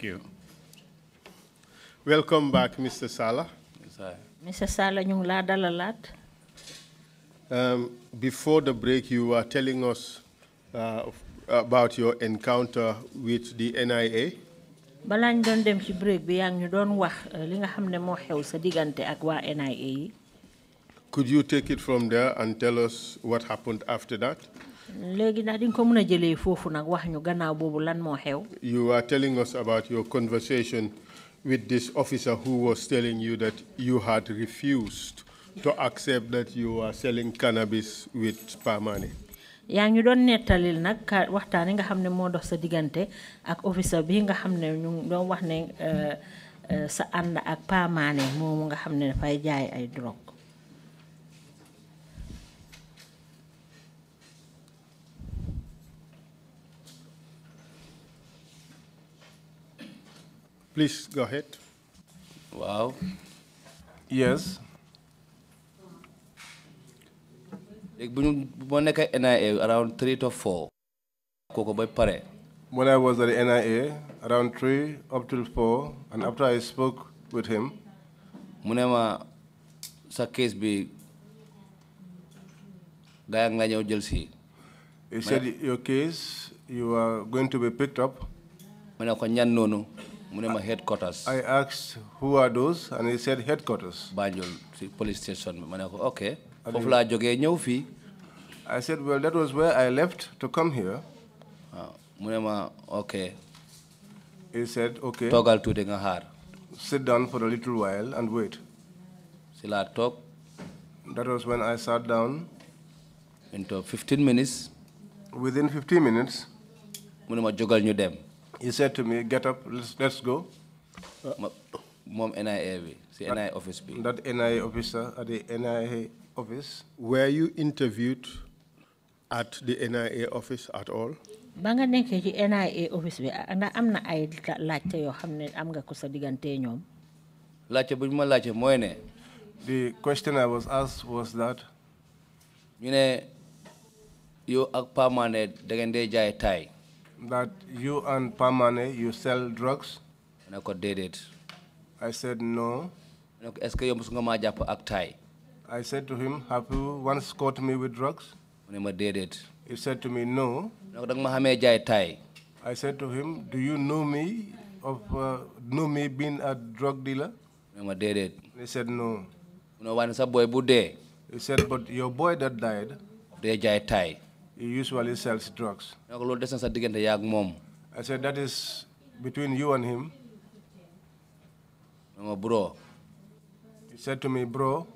Thank you. Welcome back, Mr. Sala. Yes, I. Mr. Sala, yung la dalalat. Um, before the break, you were telling us uh, about your encounter with the NIA. balaañ don dem si break bi yaa don ñu doon wax eh, li nga ne moo xew sa diggante ak NIA Could you take it from there and tell us what happened after that? léegi ndax di ko mën a jëlee foofu wax ñu gannaaw boobu lan moo xew. you are telling us about your conversation with this officer who was telling you that you had refused to accept that you are selling cannabis with Pamani. yaa ñu doon nettalil nag waxtaan yi nga xam ne dox sa digante ak officer bi nga xam ne ñu doon wax ne eh, eh, sa ànd ak Pamani moomu nga xam ne jaay ay drogue. Please go ahead. Wow. Yes. around three to four. When I was at the NIA, around three up till four, and after I spoke with him, Munema sa case be gayang nga He said your case you are going to be picked up mu headquarters. I asked who are those and he said headquarters. Banjul police station bi ok. foofu laa jógee I said well that was where I left to come here. waaw ah, ok. He said ok. Togal to nga xaar. Sit down for a little while and wait. si laa That was when I sat down. Into 15 minutes. Within 15 minutes. mu ne jógal ñu dem. He said to me, get up, let's, let's go. Mom NIA, the NIA office. That NIA officer at the NIA office. Were you interviewed at the NIA office at all? Banga nga nekkee ci NIA office bi ana am na ay laajte yoo xam ne am nga ko sa diggante ñoom. laajte bu ma laajte mooy ne. the question I was asked was that. ñu ne yow ak Paa Mané da ngeen dee jaay taay that you and Pamane, you sell drugs? And I got dated. I said, no. I said to him, have you once caught me with drugs? He said to me, no. I said to him, do you know me of uh, know me being a drug dealer? He said, no. boy He said, but your boy that died, he usually sells drugs. I said, that is between you and him. Bro. He said to me, bro,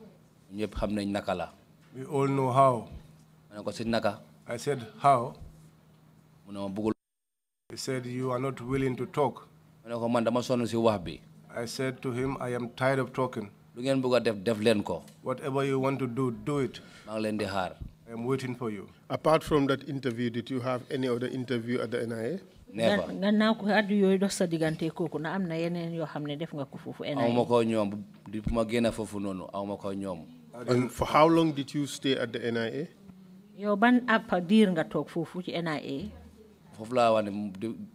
we all know how. I said, how? He said, you are not willing to talk. I said to him, I am tired of talking. Whatever you want to do, do it. I'm waiting for you. Apart from that interview, did you have any other interview at the NIA? Never. am And for how long did you stay at the NIA? Yow ban ab diir nga toog foofu ci NIA?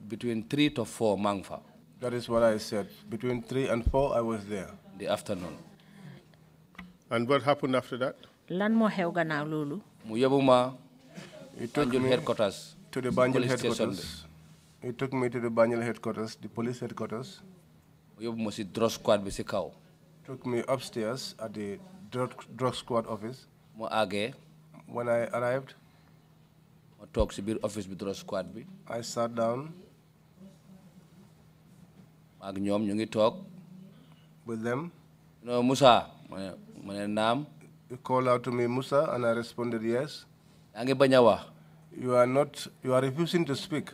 between three to four months. That is what I said. Between three and four, I was there. The afternoon. And what happened after that? Lan xew mu took me headquarters to the Banjul headquarters he took me to the Banjul headquarters the police headquarters mu yóbbu ma si drug squad bi took me upstairs at the drug, drug squad office when I arrived ma toog si office bi drug squad bi I sat down ak ñoom ñu ngi with them no Musa my name called out to me, Musa, and I responded, yes. You are not, you are refusing to speak.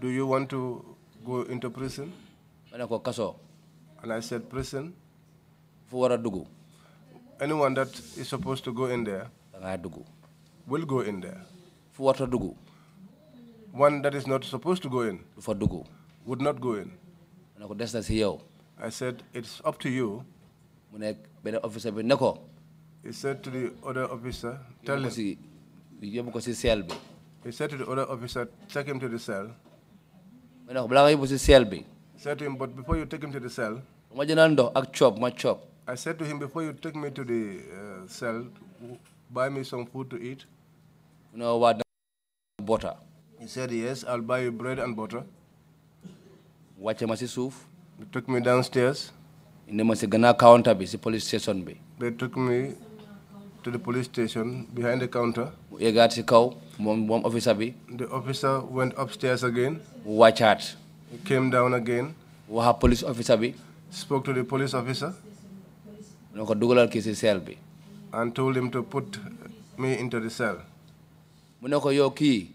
Do you want to go into prison? And I said, prison? Anyone that is supposed to go in there will go in there. One that is not supposed to go in would not go in. I said, it's up to you. officer he said to the other officer, tell him. he said to the other officer, take him to the cell. mu said to him, but before you take him to the cell. I said to him, before you take me to the uh, cell, buy me some food to eat. No ne butter. he said, yes, I'll buy you bread and butter. They took me downstairs. Nema se gana counter bi si police station be. They took me to the police station behind the counter. Yegat got a mom One officer be. The officer went upstairs again. Watch out. He came down again. Waha police officer be. Spoke to the police officer. cell And told him to put me into the cell. Munoko He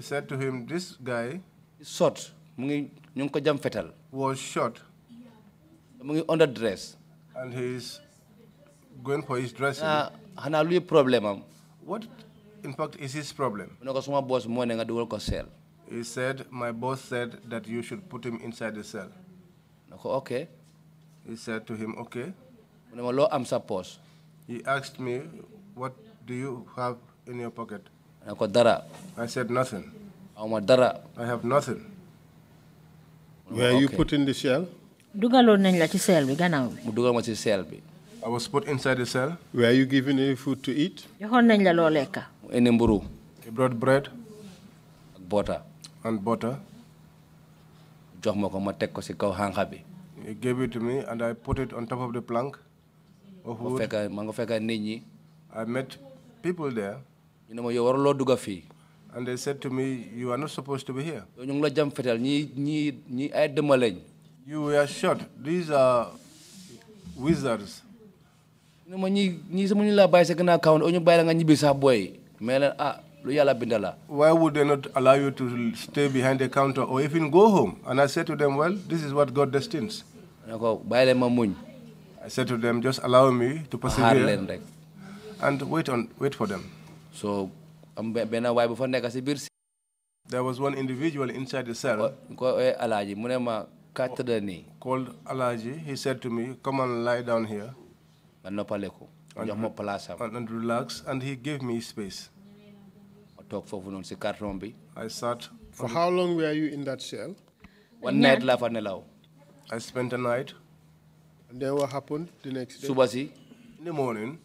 said to him, this guy. Sot. Mungi nyung jam fetal was shot. Under dress. And he's going for his dressing. Hana problem What, in fact, is his problem? boss cell. He said, my boss said that you should put him inside the cell. Okay. He said to him, okay. I'm supposed. He asked me, what do you have in your pocket? I said, nothing. I have nothing. Were you put in the cell? Duga lo la ci cell bi Duga bi. ma ci cell bi. I was put inside the cell. Were you given any food to eat? joxoon nañ la lo lekka. mu mburu. He brought bread. butter. and butter. jox ma ko ma teg ko kaw bi. He gave it to me and I put it on top of the plank of wood. ma ma nga nit ñi. I met people there. ñu ne ma yow lo duga fi. And they said to me, you are not supposed to be here. You were shot. These are wizards. Ah, Why would they not allow you to stay behind the counter or even go home? And I said to them, well, this is what God destines. I said to them, just allow me to persevere and wait on wait for them. So there was one individual inside the cell. Eh, called Alaji, he said to me come and lie down here. and relax and he gave me space. I sat. For how long were you in that cell? One night la fa I spent a night. And then what happened the next day? Subasi. In the morning.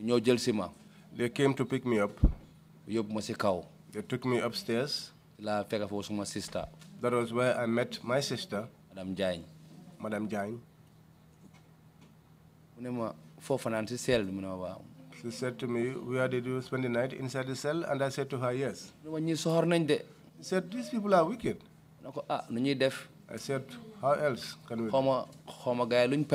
in your jail ma. They came to pick me up. They took me upstairs. La fekk foofu suma sister. That was where I met my sister. madame Jain. madame Jain. mu ma foo fanaan She said to me, where did you spend the night? Inside the cell? And I said to her, yes. She said, these people are wicked. Ah, I said, how else can we do?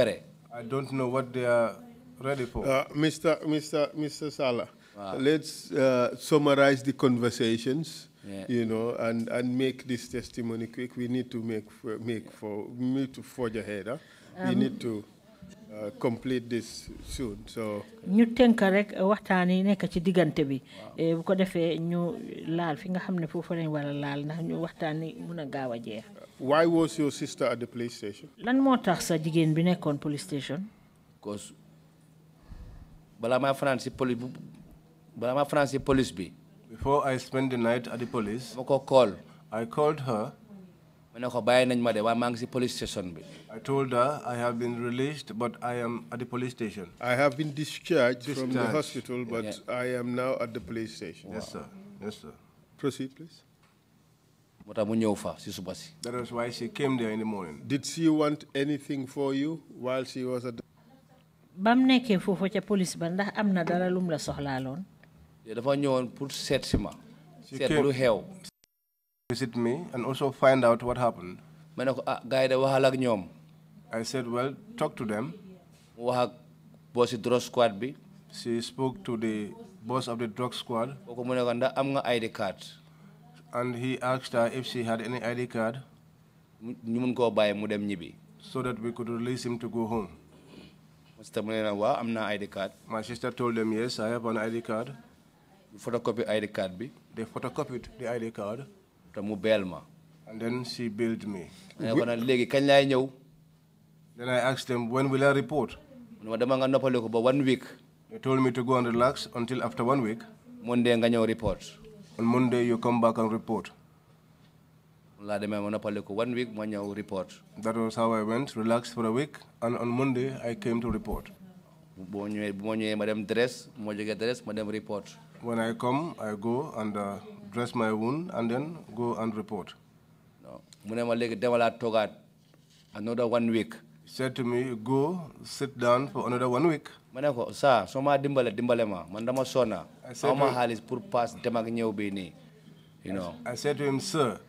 I don't know what they are Ready for. Uh, Mr. Mr. Mr. Salah, wow. let's uh, summarize the conversations. Yeah. You know, and, and make this testimony quick. We need to make make yeah. for need to forge ahead. Huh? Um, we need to uh, complete this soon. So. ñu tënk rek waxtaan yi nekk ci diggante bi. Eh, bu ko defee ñu laal fi nga xam ne foofu lañ war a laal uh, why was your sister at the police station. lan moo tax sa jigéen bi police station. because police bi. before I spend the night at the police. call. I called her. police station I told her I have been released but I am at the police station. I have been discharged from the hospital but I am now at the police station. yes sir yes sir. proceed please. that was why she came there in the morning. did she want anything for you while she was at the ba mu nekkee foofu ca police ba ndax am na dara lum la soxlaaloon. dafa ñëwoon pour seet si ma. seet lu xew. visit me and also find out what happened. ma ah gars yi waxal ak ñoom. I said well talk to them. mu wax ak bossi drug squad bi. she spoke to the boss of the drug squad. kooku mu ne ko ndax am nga ID card. and he asked her if she had any ID card. ñu mun koo bàyyi mu dem ñibbi. so that we could release him to go home. Mr. Munena, wa, I'm not ID card. My sister told them, yes, I have an ID card. You photocopy ID card, B? They photocopied the ID card. Tamu ma. And then she billed me. Then I asked them, when will I report? One week. They told me to go and relax until after one week. Monday, I'm report. On Monday, you come back and report. One week, report. That was how I went, relaxed for a week, and on Monday I came to report. When I come, I go and uh, dress my wound and then go and report. No. Another one week. He said to me, go sit down for another one week. I said, to, him, you know. I said to him, sir,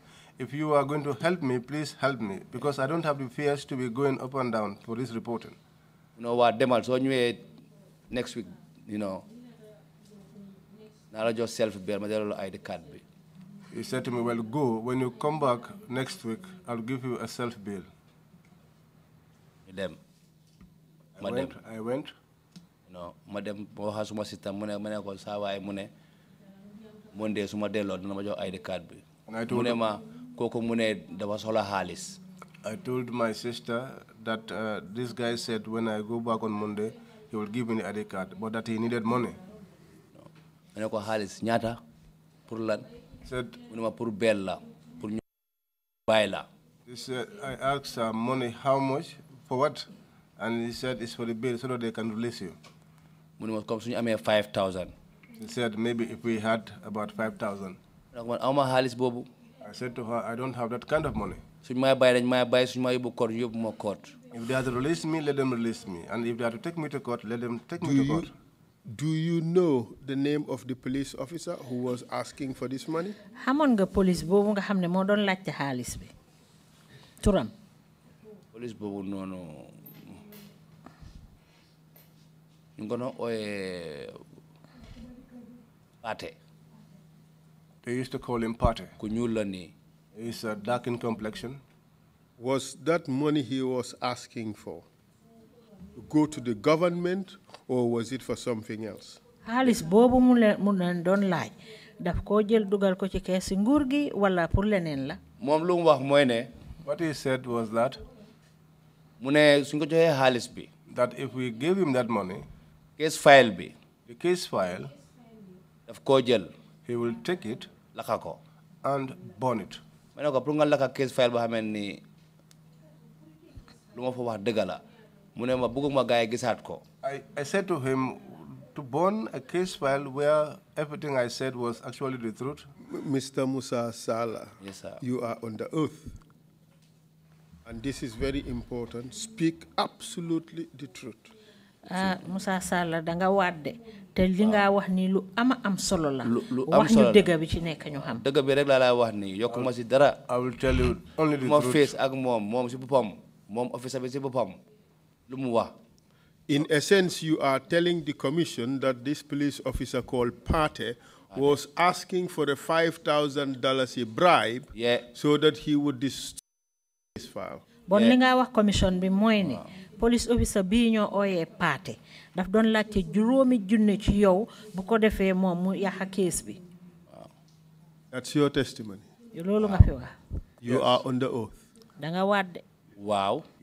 if you are going to help me, please help me because I don't have the fears to be going up and down for this reporting. You know what, Demal, so anyway, next week, you know, not just self-bear my ID card. He said to me, well, go. When you come back next week, I'll give you a self-bill. madam, I madam. went. I went. You know, madam, bo hasuma my mune mune ko my mune. I suma delo na majo ID card bi. Mune ma kooku mu dafa soxla xaalis. I told my sister that uh, this guy said when I go back on Monday, he will give me an ID card, but that he needed money. ma ne ko xaalis ñaata pour lan. said mu ne ma pour bel la pour ñu bàyyi la. he said I asked her money how much for what and he said it's for the bail so that they can release you. mu ne ma comme suñu amee five thousand. he said maybe if we had about five thousand. ma ne ko man awma xaalis boobu. I said to her, I don't have that kind of money. Suñ may bay dañ may bay court If they are to release me, let them release me. And if they are to take me to court, let them take do me to you, court. Do you know the name of the police officer who was asking for this money? police Police oyé they used to call him Pate. Kunyulani. He's a dark in complexion. Was that money he was asking for go to the government or was it for something else? wala what he said was that. that if we gave him that money. case file be the case file. daf koo he will take it lakako and burn it mané ko pour nga laka case file bo xamé ni luma fa wax deug la mu ne ma bëgguma gaay gisat ko i said to him to burn a case file where everything I said was actually the truth? Mr. Musa Sala, yes, sir. you are under oath. And this is very important. Speak absolutely the truth ah Moussa Sall da nga te li nga ah. wax ni lu ama am solo la. wax ñu bi ci ñu xam. bi rek lay wax dara. I will tell you only the truth. ak bi lu mu wax. In essence, you are telling the commission that this police officer called Pate was asking for a $5,000 bribe yeah. so that he would destroy his file. Bon yeah. li nga wax commission bi mooy ah police officer bii ñoo ooyee paate daf doon juróomi ci yow bu ko mu bi. that's your testimony. nga fi wax. you are under oath. da nga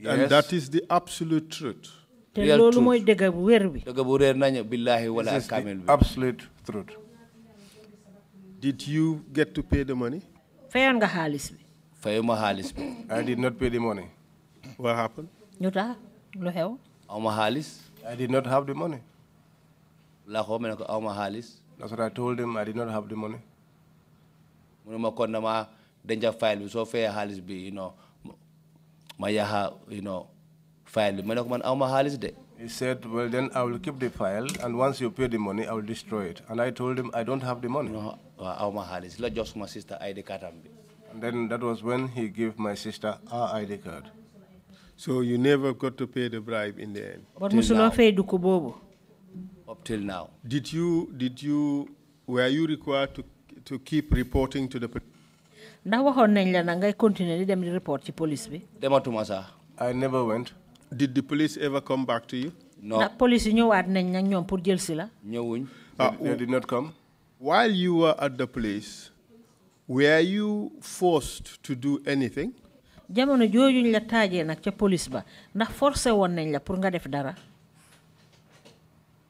and that is the absolute truth. te dëgg bu wér bi. dëgg bu billahi wala kamil bi. absolute truth. did you get to pay the money? nga bi. fayuma xaalis bi. I did not pay the money. what happened? lu xew. aw ma xaalis. I did not have the money. laa ko ma ko aw xaalis. That's what I told him. I did not have the money. mu ne ma kon dama denca file bi soo fayee xaalis bi you know ma yaxa you know file bi ma ne ko man aw xaalis de. He said, well, then I will keep the file, and once you pay the money, I will destroy it. And I told him, I don't have the money. No, Aumahal, it's not just my sister ID card. And then that was when he gave my sister our ID card. So you never got to pay the bribe in the end. But musuloo fay dugg boobu. Up till now. Did you did you were you required to to keep reporting to the. ndax waxoon nañ la na ngay continuer di dem di report ci police bi. dematuma sax. I never went. Did the police ever come back to you? No. ndax police yi ñëwaat nañ nag ñoom pour jël si ñëwuñ. Ah, they did not come. While you were at the police, were you forced to do anything? jamono joojuñ la taajee nag ca police ba ndax forcé woon nañ la pour nga def dara.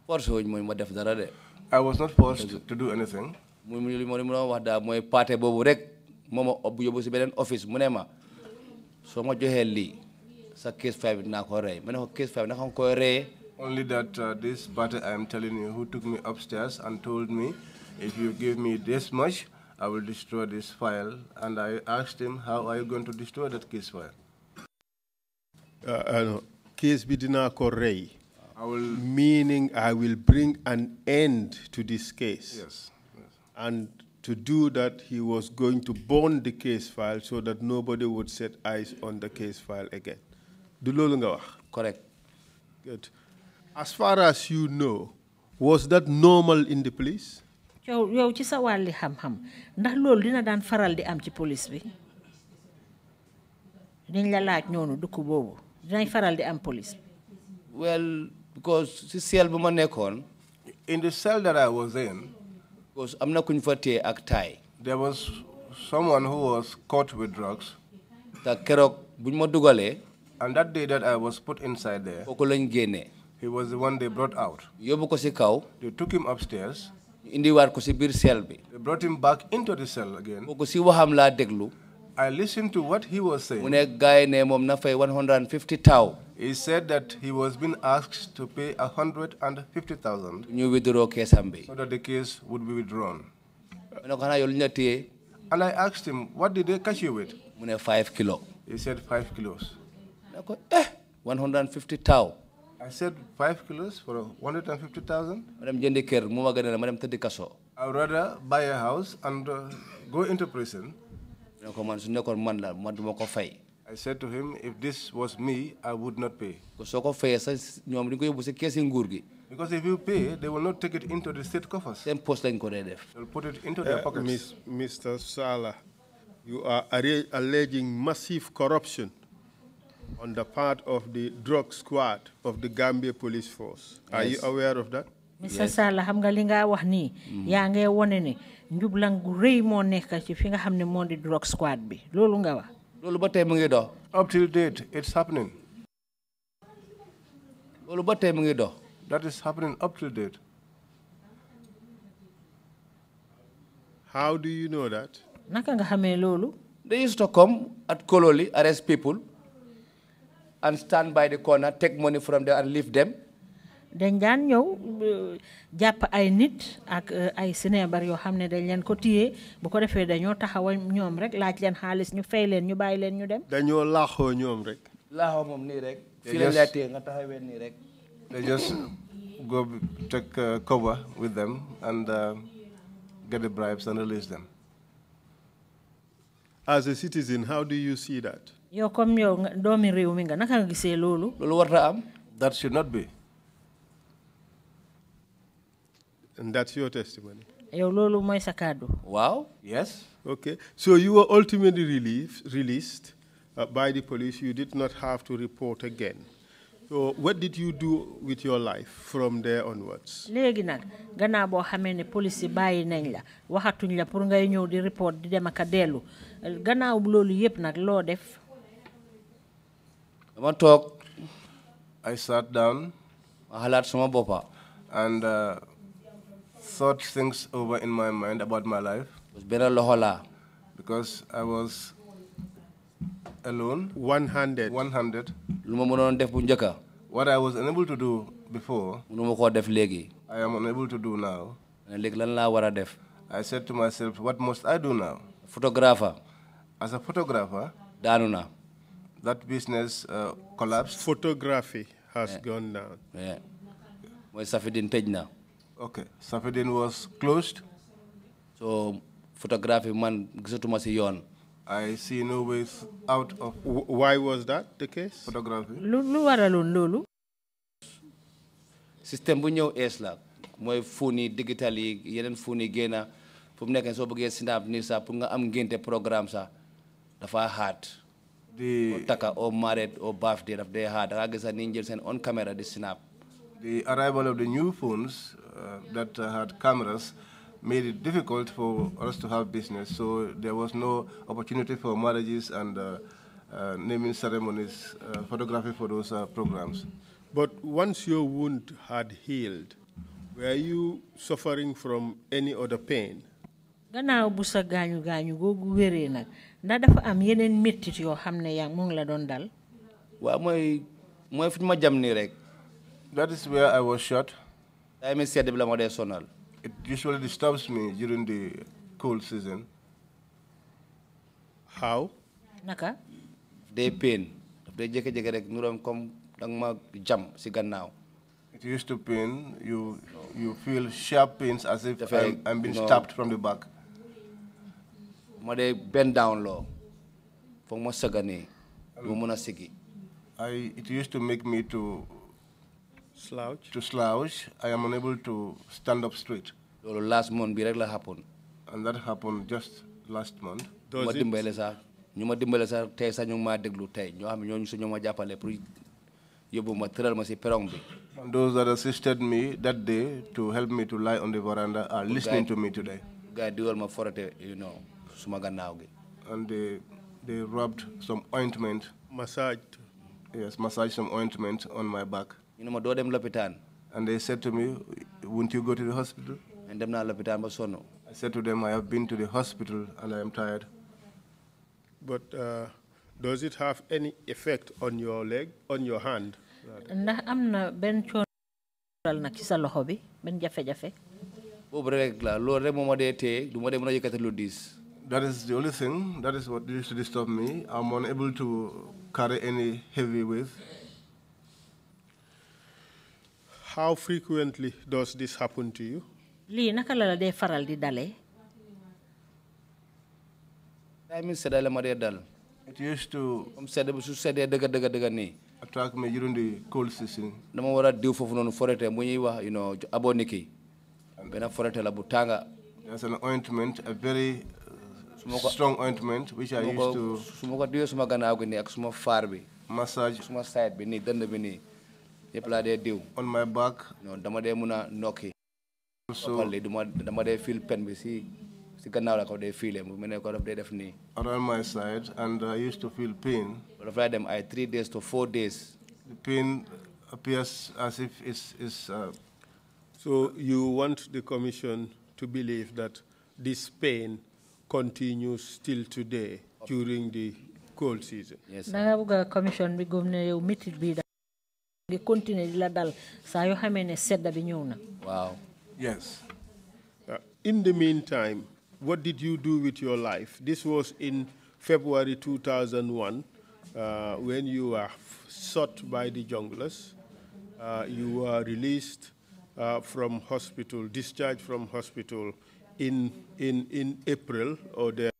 forcé wuñ mooy ma def dara de. I was not forced to do anything. mu li ma doon wax daal mooy paate boobu rek moo ma ob yóbbu si office mu ma soo ma joxee sa case file bi ko rey ma ko case file bi naka nga koy Only that uh, this butter I am telling you who took me upstairs and told me if you give me this much. I will destroy this file. And I asked him, how are you going to destroy that case file? Uh, uh case bidina korrei. I will meaning I will bring an end to this case. Yes. yes. And to do that, he was going to burn the case file so that nobody would set eyes on the case file again. Correct. Good. As far as you know, was that normal in the police? yow yow ci sa wàlli xam-xam ndax loolu dina daan faral di am ci police bi dañ la laaj noonu boobu dinañ faral di am police bi well because si seel bu ma nekkoon in the cell that I was in because am na kuñ fa ak taay there was someone who was caught with drugs The keroog buñ ma dugalee and that day that I was put inside there kooku lañ he was the one they brought out yóbbu ko si kaw they took him upstairs indiwaat ko si biir sel bi. they brought him back into the cell again. kooku si waxam déglu. I listened to what he was saying. mu ne gaay ne moom na fay 150 tau. He said that he was being asked to pay 150,000 ñu withdraw keesam bi. so that the case would be withdrawn. ko And I asked him, what did they catch you with? mu 5 kilo. He said 5 kilos. eh 150 tau. I said five kilos for 150,000. Madam kaso. I would rather buy a house and uh, go into prison. I said to him if this was me I would not pay. Because if you pay, they will not take it into the state coffers. They'll put it into uh, their pockets. Miss, Mr. Salah, you are alleging massive corruption on the part of the drug squad of the Gambia Police Force. Yes. Are you aware of that? Mr. Yes. Sala, xam nga li nga ni ya nga wone ne njublang gu reuy mo nek ci fi drug squad bi. Lolu nga wax. Lolu ba tay ngi do. Up till date it's happening. Lolu ba tay mu ngi do. That is happening up till date. How do you know that? Naka nga xamé lolu? They used to come at Kololi arrest people and stand by the corner, take money from them, and leave them. dañ daan ñëw jàpp ay nit ak eh, ay sineebar yoo xam ne dañ leen ko téye bu ko defee dañoo taxawal ñoom rek laaj leen xaalis ñu fay leen ñu bàyyi leen ñu dem. dañoo laaxoo ñoom rek. laaxoo moom nii rek. fii la laa téye nga taxawee nii rek. they just go take cover with them and uh, get the bribes and release them. As a citizen, how do you see that? yow comme yow doomi réew mi nga naka nga gisee loolu. loolu war na am. that should not be. and that's your testimony. yow loolu mooy sa kàddu. waaw yes. okay so you were ultimately relieved, released uh, by the police you did not have to report again. So what did you do with your life from there onwards? léegi nag gannaaw boo xamee ne police yi bàyyi nañ la waxatuñ la pour ngay ñëw di report di dem ak a dellu gannaaw loolu yëpp nag loo def I talk. I sat down. and uh, thought things over in my mind about my life. benn loxo laa. because I was alone. one-handed. one-handed. what I was unable to do before. I am unable to do now. I said to myself, what must I do now? photographer. As a photographer. daanu that business uh, collapsed? Photography has yeah. gone down. Yeah. Well, Safedin page now. Okay. Safedin was closed? So, photography man, Gisotuma yon. I see no ways out of. Why was that the case? Photography. Lulu waralun lulu. System bunyo, ñew es la moy phone digital yi yenen phone yi gëna fu mu nekk soo bëggee snap ni sa pour nga am ngénte programme sa dafa hard the Taka or married or birthday that they had, Ragazan Ragas and on camera the snap. The arrival of the new phones uh, that uh, had cameras made it difficult for us to have business, so there was no opportunity for marriages and uh, uh naming ceremonies, uh, photography for those uh, programs. But once your wound had healed, were you suffering from any other pain? Ganaaw bu ganyu ganyu go googu wéree ndax dafa am yeneen méttit yoo xam ne yaa mu ngi la doon dal. waaw mooy mooy fu ñu ma jam nii rek. that is where I was shot. daa mi sedd bi la ma dee sonal. it usually disturbs me during the cold season. how. naka. day pain daf day jékki-jékki rek nu doon comme danga ma jam si gannaaw. it used to pain you you feel sharp pains as if I'm, I'm being stabbed from the back ma bend down loo foog ma saganee I, it used to make me to slouch. To slouch, I am unable to stand up straight. Lolo last month bi rek la happen. And that happened just last month. ma dimbale sax ñu ma dimbale sax tey sax déglu tey ñoo xam ne ñooñu ma jàppale pour yóbbu ma tëral ma perong bi. And those that assisted me that day to help me to lie on the veranda are listening to me today. Guy diwal ma forate you know suma gannaaw gi and they they rubbed some ointment Massage. yes massage some ointment on my back ñu ne ma doo dem lopitaan and they said to me won't you go to the hospital and dem naa lopitaan ba sonn I said to them I have been to the hospital and I am tired but uh, does it have any effect on your leg on your hand ndax am na benn coono nag ci sa loxo bi benn jafe-jafe boobu rek la loolu rek moo ma dee téye du ma dee mën yëkkati lu diis that is the only thing. That is what used to disturb me. I'm unable to carry any heavy weight. How frequently does this happen to you? Li naka la la faral di dale. time sedda la ma dee dal. it used to. Um, sedd bi su seddee dëgg dëgg dëgg ni. attack me during the cold season. dama war a diw foofu noonu forete mu ñuy wax you know aboniki benn forete la bu tànga. there's an ointment a very strong ointment which I used to su ma ko diwee suma gannaaw gi nii ak suma faar bi massage suma side bi nii dënd bi nii yëpp laa dee diw on my back No, dama dee mun a nokki so li duma dama dee feel pain bi si si gannaaw la ko dee fiile mu ne ko daf dee def around my side and I used to feel pain daf lay dem ay three days to four days the pain appears as if it's, it's uh, so you want the commission to believe that this pain continues still today during the cold season. Yes. Nanga buga commission Wow. Yes. Uh, in the meantime, what did you do with your life? This was in February 2001 uh, when you were sought by the junglers. Uh, you were released uh, from hospital, discharged from hospital in, in, in April or there.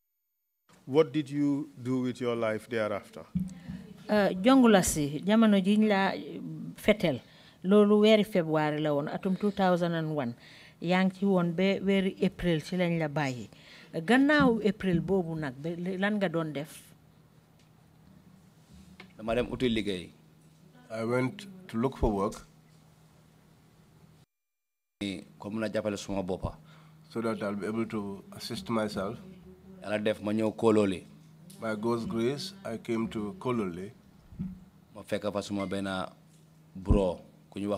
What did you do with your life thereafter? Uh, Jongulasi, jamono jiñ la uh, fetel loolu weeri february la woon atum 2001 yaa ngi ci woon ba weeri april ci lañ la bàyyi gannaaw april boobu nag ba lan nga doon def dama dem uti liggéey I went to look for work. comme na jàppale suma boppa so that I'll be able to assist myself. I def ma By God's grace, I came to Kololi. Ma fekk fa suma bro ku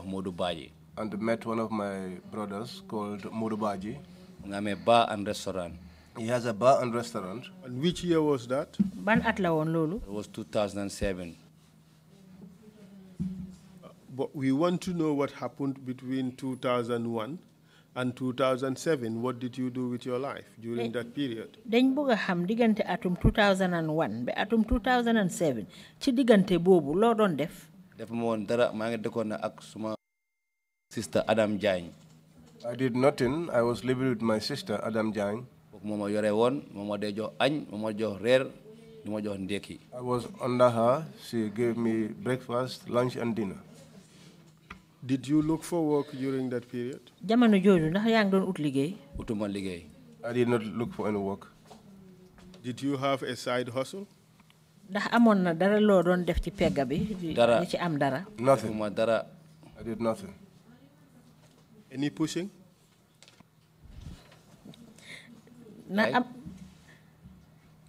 And met one of my brothers called Modubaji. He Nga a bar and restaurant. He has a bar and restaurant. And which year was that? at It was 2007. Uh, but we want to know what happened between 2001 and 2007, what did you do with your life during eh, that period? dañ bëgg a xam diggante atum 2001 ba atum 2007 ci diggante boobu loo doon def. dafa ma woon dara maa ngi dëkkoon ak suma sister Adam Diagne. I did nothing. I was living with my sister Adam Diagne. kooku moom moo yore woon moom moo dee jox añ moom moo jox reer du ma jox ndékki. I was under her. She gave me breakfast, lunch and dinner. Did you look for work during that period? jamono jooju ndax yaa ngi doon ut liggéey. utuma liggéey. I did not look for any work. Did you have a side hustle? ndax amoon na dara loo doon def ci pegga bi. dara li ci am dara. nothing ma dara. I did nothing. Any pushing? na am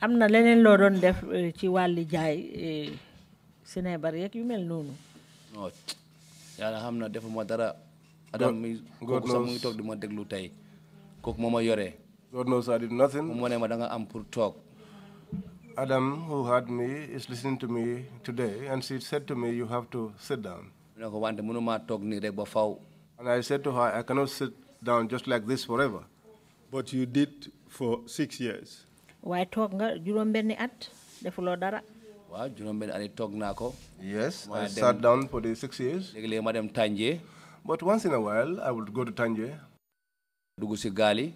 am na leneen loo doon def eh, ci wàlli jaay eh, Sénégal yeeg yu mel noonu yàlla xam na defuma dara. Adam mi kooku sax mu ngi toog di ma déglu tey kooku moo ma yore. God knows I did nothing. mu ne ma da nga am pour toog. Adam, who had me, is listening to me today, and she said to me, You have to sit down. And I said to her, I cannot sit down just like this forever. But you did for six years. Why talk? You don't at the waaw juróom benn année toog naa ko yes I sat down for the six years léegi-léegi ma dem but once in a while I would go to Tanje. dugg si gaal yi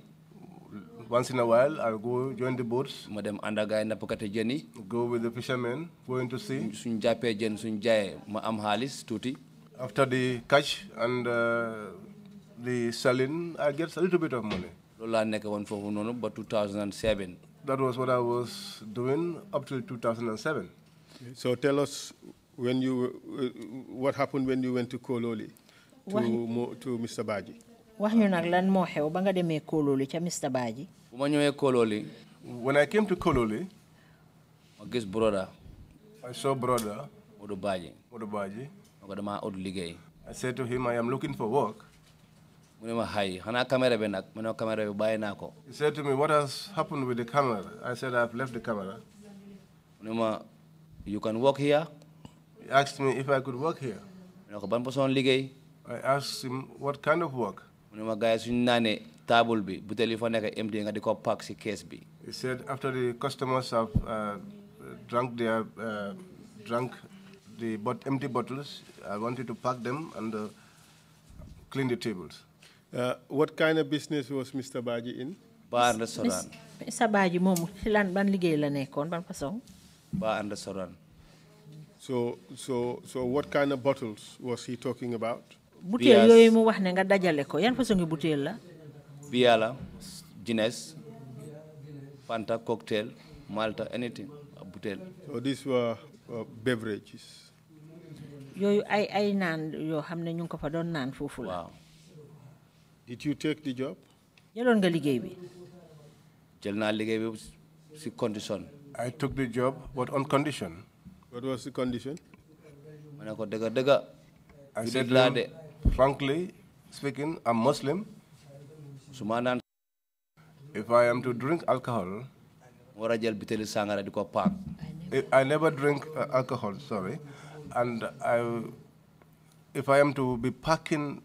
once in a while i go join the boats. ma dem ànd nappkati jën yi. go with the fishermen going to sea. suñ jàppee jën suñ jaayee ma am xaalis tuuti. after the catch and uh, the selling I get a little bit of money. loolu laa nekk woon foofu noonu ba 2007. that was what I was doing up till 2007. So tell us when you, uh, what happened when you went to Kololi to, to Mr. Baji? Kololi Mr. Baji. Kololi. When I came to Kololi. ma gis brother. I saw brother. Modou Baji. Baji. I said to him I am looking for work. mu ne ma He said to me what has happened with the camera I said I have left the camera. You can work here. He asked me if I could work here. I asked him what kind of work. He said after the customers have uh, drunk their uh, drunk the bot empty bottles, I wanted to pack them and uh, clean the tables. Uh, what kind of business was Mr. Baji in? Bar restaurant. Mr. Baji mom, ban liggey la nekkon ban pasong bar and restaurant. So, so, so what kind of bottles was he talking about? Butel yoy mu wax ne nga dajale ko yan façon ngi butel la? Beer la, Guinness, Fanta cocktail, Malta anything, a butel. So these were uh, beverages. Yoy ay ay nan yo hamne ñu ko fa nan fofu la. Wow. Did you take the job? Jëlon nga liggéey bi. Jël na liggéey bi ci condition. I took the job, but on condition. What was the condition? I said to him, frankly speaking, I'm Muslim. If I am to drink alcohol, I never drink uh, alcohol, sorry. And I, if I am to be packing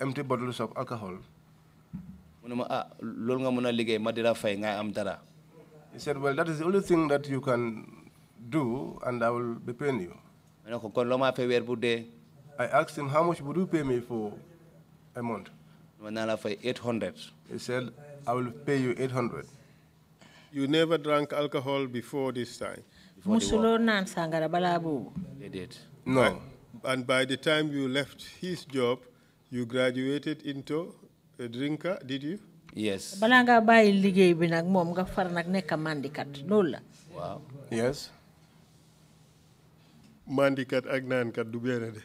empty bottles of alcohol, he said, well, that is the only thing that you can do and I will be paying you. I asked him, how much would you pay me for a month? for 800. He said, I will pay you 800. You never drank alcohol before this time? They did. No. And by the time you left his job, you graduated into a drinker, did you? yes Balanga ngaa bàyyi liggéey bi nag moom nga far nag nekk mandikat loolu la. yes. mandikat ak naankat du benn de.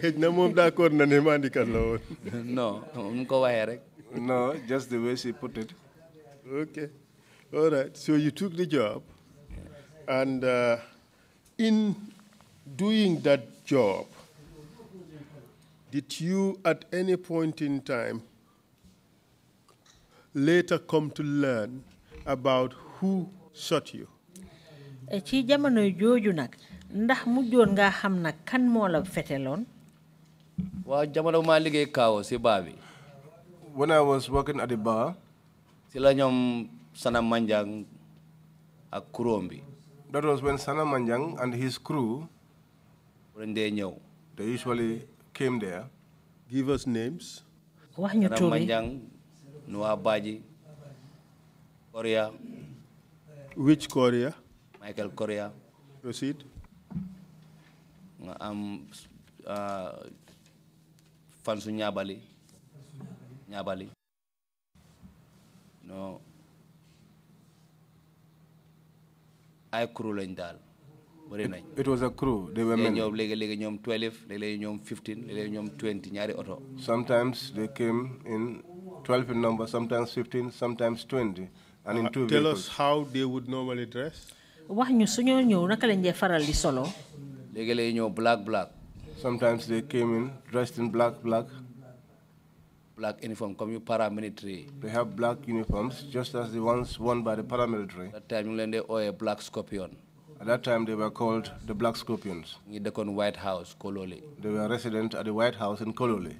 xëj na moom d'accord na ne mandikat la woon. non mu um ko waxee rek. no just the way she put it. okay all right so you took the job and uh, in doing that job. Did you at any point in time later come to learn about who shot you? ci jamono jooju nag ndax mujjoon nga xam nag kan moo la feteloon. waa jamono maa liggéey kaawo si baa when I was working at the bar. si la ñoom Sana Manjang ak kuróom bi. that was when Sana Manjang and his crew. dañ dee ñëw. they usually came there. Give us names. Ramanjang, Korea. Which Korea? Michael Korea. Proceed. I'm ah, Fansu Nyabali. Nyabali. No. I Kurulendal bëri nañ. it was a crew they were men. ñoom léegi léegi ñoom 12 léeg-léeg 15 léeg-léeg 20 ñaari oto. sometimes they came in 12 in number sometimes 15 sometimes 20 and in uh, two vehicles. tell us how they would normally dress. wax ñu suñoo ñëw naka lañ dee faral di solo. léegi léegi ñëw black black. sometimes they came in dressed in black black. black uniform comme yu paramilitary. They have black uniforms just as the ones worn by the paramilitary. That time ñu leen di ooyee black scorpion. At that time, they were called the Black Scorpions. White House, Kololi. They were resident at the White House in Kololi.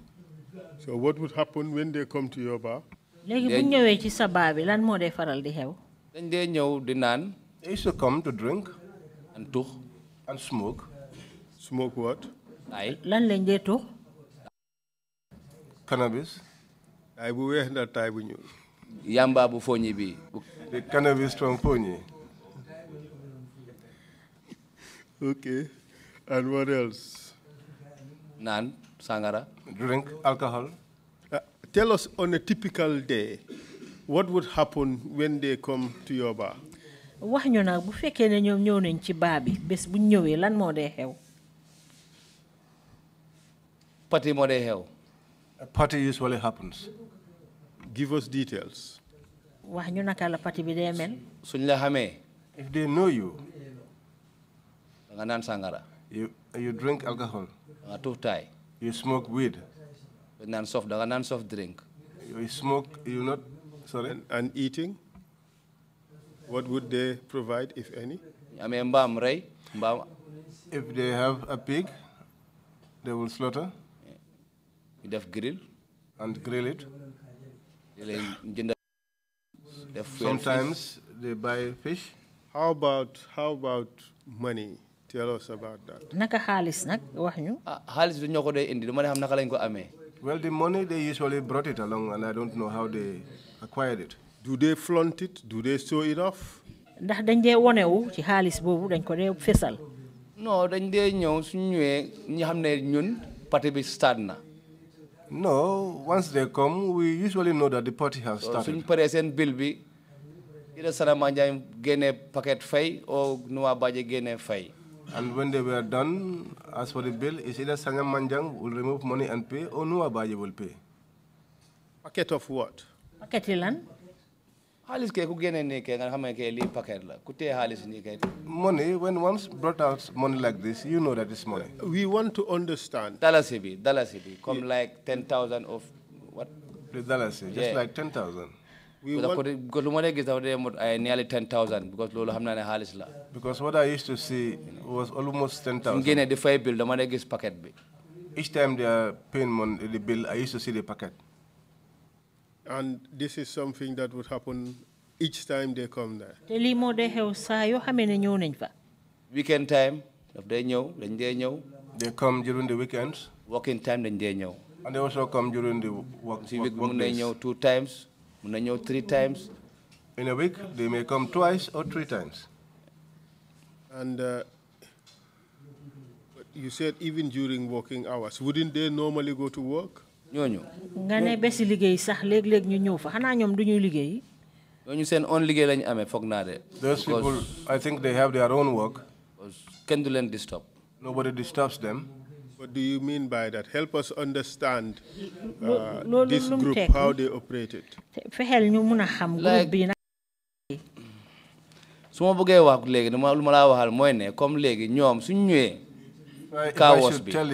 So what would happen when they come to your bar? They used to come to drink. And tux. And smoke. Smoke what? Lan lañ dee tux. Cannabis. I bu weex na tay bu ñuul. Yamba bu foñi The cannabis from foñi. Okay. And what else? None. Sangara. Drink alcohol. Uh, tell us on a typical day, what would happen when they come to your bar? wax ñu nag bu fekkee ne ñoom ñëw nañ ci baa bi bés bu ñëwee lan moo dee xew. party moo dee xew. party usually happens. give us details. wax ñu naka la party bi dee mel. suñ la xamee. if they know you danga naan sàngara. you you drink alcohol. danga tuux taay. you smoke weed. danga naan soft danga naan soft drink. you smoke you not sorry. and eating. What would they provide, if any? ray. If they have a pig, they will slaughter. You'd have grill. And grill it. Sometimes they buy fish. How about how about money? Tell us about that. Naka xaalis nag wax ñu. ah xaalis bi ñoo indi dama ne xam naka lañ ko amee. Well, the money they usually brought it along, and I don't know how they acquired it. Do they flaunt it? Do they show it off? ndax dañ dee wonewu ci xaalis boobu dañ ko dee fesal. non dañ dee ñëw suñ ñëwee ñi xam ne ñun parti bi start na. No, once they come, we usually know that the party has started. So, suñ paree seen bill bi, ida Sarama Ndiaye génnee paquet fay, ou Noa Badji génnee fay. And when they were done, as for the bill, it's either Sangam Manjang will remove money and pay, or Nuabaye will pay. Packet of what? Packet ilan? Halis ke kugene ne ke ngar hamay ke li packet la. Kute halis ni ke. Money, when once brought out money like this, you know that this money. We want to understand. Dollar bi, Dollar bi. Come yeah. like 10,000 of what? The dalasi, just yeah. like 10,000 because lu nearly ten thousand because loolu xam naa ne because what I used to see was almost ten thousand. ngeen a five bill dama dee pocket paquet each time they are paying money, the bill, I used to see the packet. And this is something that would happen each time they come there. Weekend time, if they know, then they know. They come during the weekends. Working time, then they know. And they also come during the work, work, work days. Two times mun three times. In a week, they may come twice or three times. And uh, you said even during working hours, wouldn't they normally go to work? ñooñu. nga ne bési liggéey sax léeg-léeg ñu ñëw fa xanaa ñoom du ñuy liggéey. ñooñu seen own liggéey la ñu amee foog de. those people I think they have their own work. kenn du leen disturb. nobody disturbs them. What do you mean by that? Help us understand uh, this group, how they operated. Like, I should tell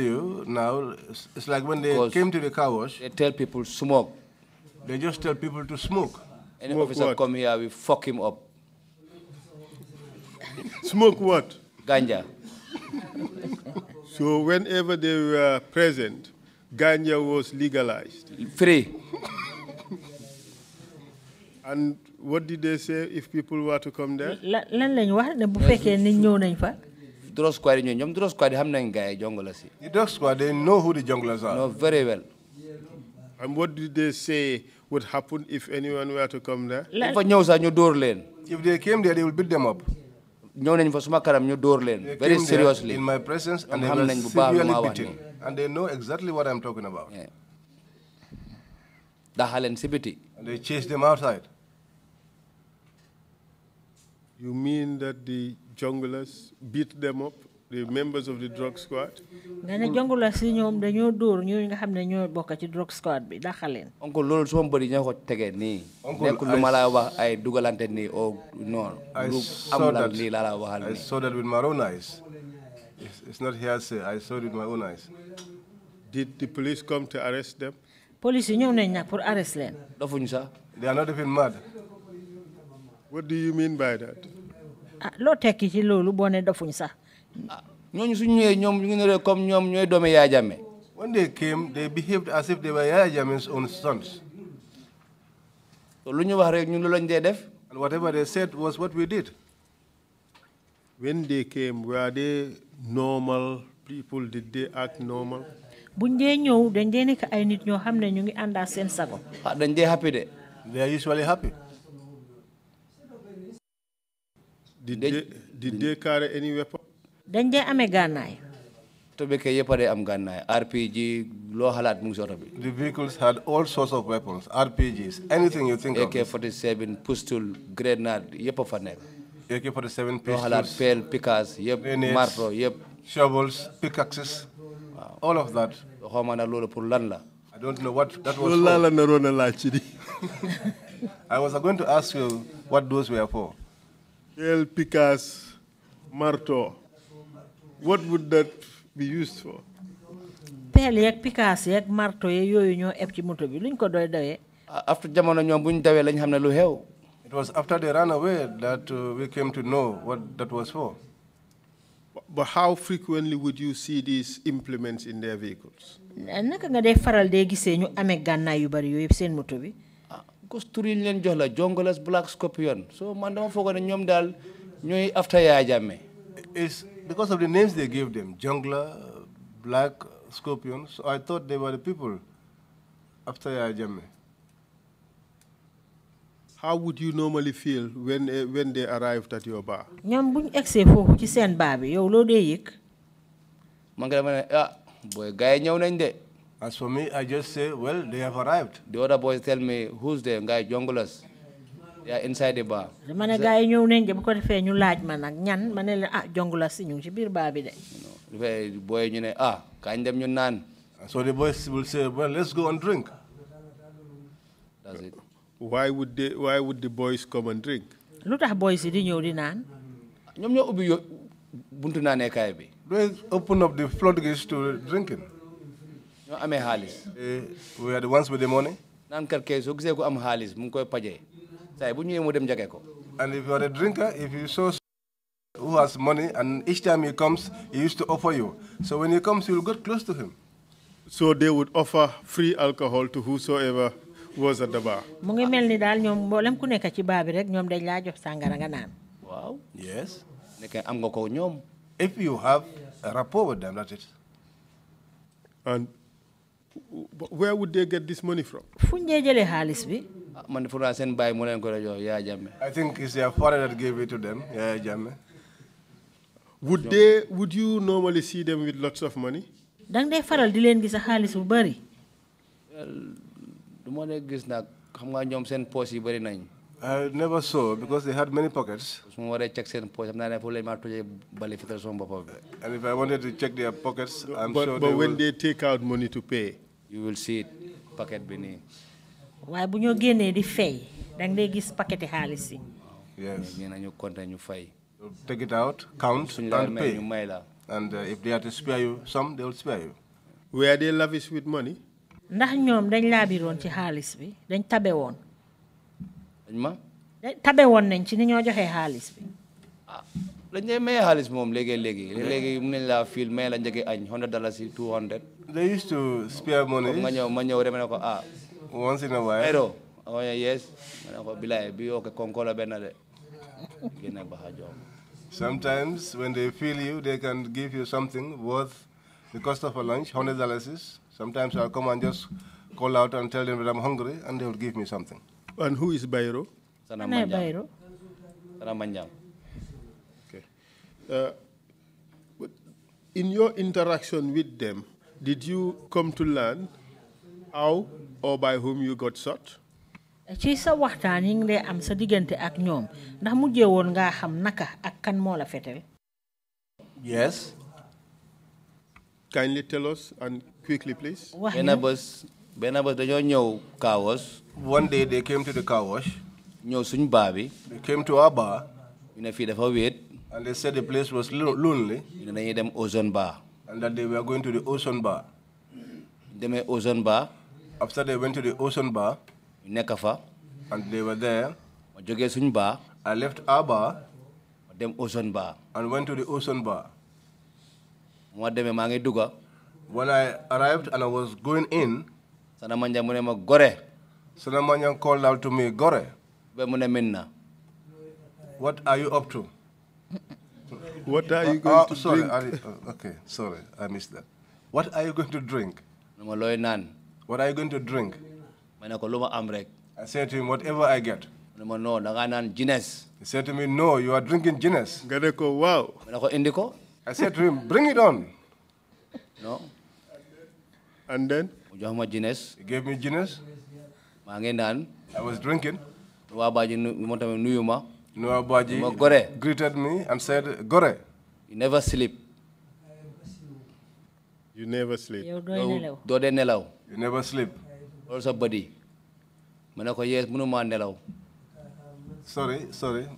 you now it's like when they came to the car wash they tell people smoke they just tell people to smoke any smoke officer what? come here we fuck him up smoke what ganja So whenever they were present, ganja was legalized. Free. and what did they say if people were to come there? ne drug squad drug squad the drug squad they know who the junglers are. no very well. and what did they say would happen if anyone were to come there. if they came there they will beat them up ñëw nañ fa suma kanam ñu dóor leen. very seriously in my presence and they were severely beaten and they know exactly what I'm talking about. daxa leen si and they chased them outside. You mean that the junglers beat them up? the members of the drug squad. nga ne jongul la si ñoom dañoo dóor ñooñu nga xam ne ñoo bokk ci drug squad bi dàqa leen. oncle loolu suma bëri ñoo ko tegee nii. nekkul lu la wax ay dugalante nii oo oh, noonu. lu am la la waxal nii. I saw that with my own eyes. It's, not hearsay. I saw it with my own eyes. Did the police come to arrest them? Police ñëw nañ nag pour arrest leen. Dofuñ sax. They are not even mad. What do you mean by that? ah loo tekki ci loolu boo ne dofuñ sax. ñooñu suñ ñëwee ñoom ñu ngi ne comme ñoom ñooy doomi Yaya Jammeh. when they came they behaved as if they lu ñu wax rek ñun lu lañ dee def. and whatever they said was what we did. when they came were they normal people did they act normal. buñ dee ñëw dañ dee nekk ay nit ñoo xam ne ñu ngi ànd seen sago. Ah, dañ dee happy de. did they did they carry dañ dee amee gànnaay. Tobeke yëpp a dee am gànnaay RPG loo xalaat mu ngi si bi. the vehicles had all sorts of weapons RPGs anything you think of. AK-47 pistol grenade yëpp a fa nekk. AK-47 pistols loo pel pelle pikas yëpp marto yëpp. shovels pickaxes. waaw all of that. xaw ma pour lan la. I don't know what that was. loolu laa la naroon a ci di. I was going to ask you what those were for. Pel pikas marto what would that be used for? peel yeeg picas yeeg marto ye yooyu ñoo eb ci moto bi luñ ko doy dawee. after jamono ñoom buñ dawe lañ xam ne lu xew. It was after they ran away that uh, we came to know what that was for. But how frequently would you see these implements in their vehicles? naka nga dee faral dee gisee ñu ame gànnaay yu bari yooyu yëpp seen moto bi. ko ah, tur jox la jongolas black scorpion so man dama foog ne ñoom daal ñooy after Yaya Jammeh because of the names they gave them, jungler, black scorpions, so I thought they were the people after Ajame. How would you normally feel when, uh, when they arrived at your bar? ñoom buñ egsee foofu ci seen bar bi yow loo dee yëg. man nga dama ne ah boy gars yi ñëw nañ de. As for me, I just say, well, they have arrived. The other boys tell me, who's there? Guy, junglers. Yeah, inside the bar. ma ne gars yi ñëw nañ de bu ko defee ñu laaj man nag ñan ma ah jungle si ñu ngi ci biir baa bi de. booy ñu ne ah kañ dem ñu nan. Ah, so the boys will say well let's go and drink. that's it. why would they why would the boys come and drink. lu tax boys yi di ñëw di naan. ñoom ñoo ubbi yo buntu naanekaay bi. they open up the floodgates to drinking. ñoo amee halis. Eh, we are the ones with the money. naan kër kee ko am halis mukoy paje and if you are a drinker if you saw who has money and each time he comes he used to offer you so when he comes you will get close to him so they would offer free alcohol to whosoever was at the bar Wow. Yes. mel ni yes am if you have a rapport with them that's it and where would they get this money from man sen bay mo len ko rajo jamme i think it's their father that gave it to them ya jamme would they would you normally see them with lots of money dang day faral di len gis xaliss bu bari duma len gis nak xam nga ñom sen poche yi bari nañ I never saw because they had many pockets. And if I wanted to check their pockets, I'm but, sure. But when will. they take out money to pay, you will see it, pocket beneath. waaye bu ñoo génnee di fay danga dee gis paqueti xaalis yi. ñu ñu compter ñu fay. take it out count and pay and uh, if they are to spare you some they will spare you. were they lavish with ndax ñoom dañ laabiroon ci xaalis bi dañ tabe woon. dañ ma. tabe woon nañ ci ni ñoo joxee xaalis bi. dañ ah, lay maye xaalis moom léegi léegi léegi mun laa fiil may la njëgi añ hundred dollars yi two hundred. they used to ma ñëw ma ñëw demee ne ko ah, once in a while. hello. oh yes, mane I bilay eh. bi o ke konkola benna Sometimes when they feel you, they can give you something worth the cost of a lunch, hundred dollars. Sometimes I'll come and just call out and tell them that I'm hungry, and they will give me something. And who is Bayro? Sana Bayro. Okay. Uh, in your interaction with them, did you come to learn how or by whom you got sought? ci sa waxtaan yi ngi am sa diggante ak ñoom ndax mujjee woon ngaa xam naka ak kan moo la fetel yes kindly tell us and quickly please benabas benabas dañoo ñëw kaawas one day they came to the car wash ñëw suñ baa bi they came to our bar ñu ne fii dafa wéet and they said the place was lonely ñu ne dañuy dem ozone bar and that they were going to the ozone bar demee ozone bar after they went to the ocean bar. nekafa, and they were there. I left our bar. dem ocean bar. and went to the ocean bar. When I arrived and I was going in. Sanamanya gore. Sanamanya called out to me gore. What are you up to? what are you uh, going uh, to sorry, drink? Sorry, uh, okay, sorry, I missed that. What are you going to drink? What are you going to drink? I said to him, Whatever I get. He said to me, No, you are drinking Guinness. Wow. I said to him, Bring it on. No. And then? He gave me Guinness. I was drinking. Nuabaji greeted me and said, Gore. You never sleep. You never sleep. Dode nelaw. You never sleep. Or somebody. Manako yes, munuma nelaw. Sorry, sorry.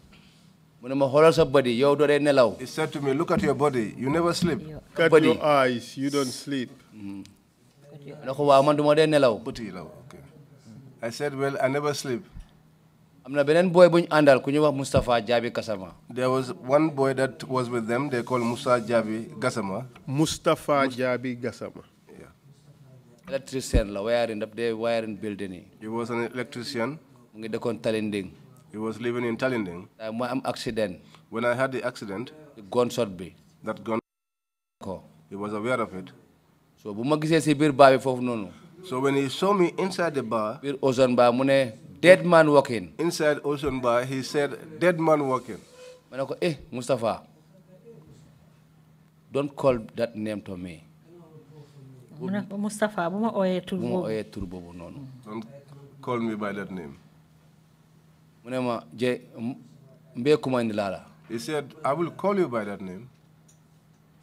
Munuma holal somebody. Yo do nelaw. He said to me, look at your body. You never sleep. Look at your eyes. You don't sleep. Mm-hmm. Manako wa manduma de nelaw. Buti law. Okay. I said, well, I never sleep. There was one boy that was with them, they called Musa Jabi Gasama. Mustafa Jabi Gasama. Electrician la wire up there, wire in building. He was an electrician. He was living in Talinding. I'm accident. When I had the accident, the gunshot be. That gun. He was aware of it. So bu ma si bar So when he saw me inside the bar. biir Ocean Bar mu dead man walking. Inside Ocean Bar he said dead man walking. ma ko eh Mustafa, don't call that name to me. Mustafa, ne Moustapha bu ma ooyee tur boobu bu don't call me by that name. mu ne ma je he said I will call you by that name.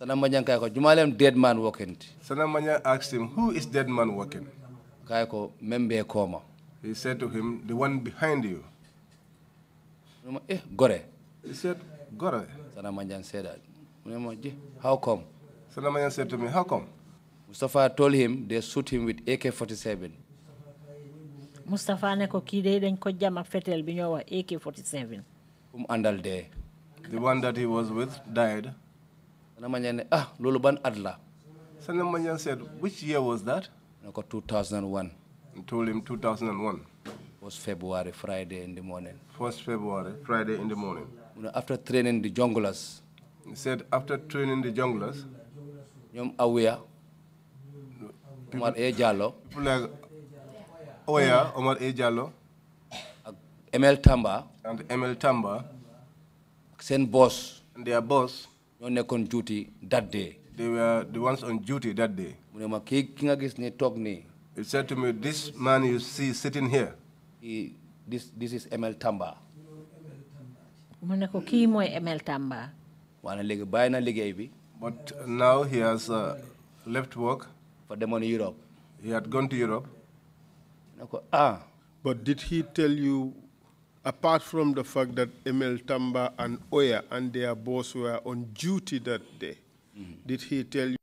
Sanamba Nyang kay ko jumalem dead man walking. Sanamba Nyang asked him who is dead man walking. Kay ko membe koma. He said to him the one behind you. Munema eh gore. He said gore. Sanamba Nyang said that. Munema je how come. Sanamba Nyang said to me how come. Mustafa told him they shoot him with AK-47. Mustafa ne ko kii de dañ ko ak 47 Um andal The one that he was with died. Sanamanyan ne ah luluban ban at la. said which year was that? Ne 2001. And told him 2001. was February, Friday in the morning. First February, Friday in the morning. After training the junglers. He said after training the junglers. Ñoom aware Omar A. Diallo. people like Oya, Omar A. Diallo. ML Tamba. And ML Tamba. Sen boss. And their boss. ñoo nekkoon duty that day. They were the ones on duty that day. mu ne ma kii ki nga He said to me, this man you see sitting here. He, this, this is ML Tamba. mu ne ko kii mooy ML Tamba. waane léegi bàyyi na liggéey bi. But now he has uh, left work. For fa demoon Europe. He had gone to Europe. ah. But did he tell you, apart from the fact that Emil Tamba and Oya and their boss were on duty that day, mm-hmm. did he tell you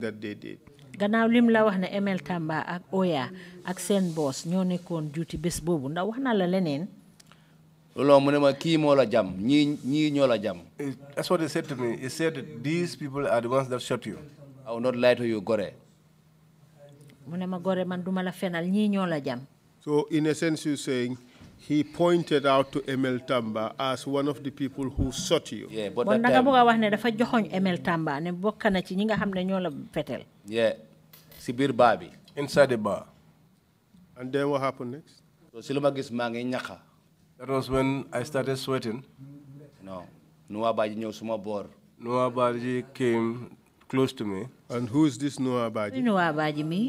that they did? gannaaw lim la wax ne Emil Tamba ak Oya ak sen boss ñoo nekkoon duty bés boobu ndax wax na la leneen. loolu mu ne ma kii moo la jam ñii ñii ñoo la jam. that's what he said to me he said these people are the ones that shot you. I will not lie to you Gore jam so in a sense you're saying he pointed out to Emil Tamba as one of the people who shot you. Yeah, but that time, Yeah, Sibir Babi. Inside the bar. And then what happened next? So Siluma gis mangi nyaka. That was when I started sweating. No, Nuwa Baji Nuwa Baji came close to me. And who is this Noah Abaji? You know me.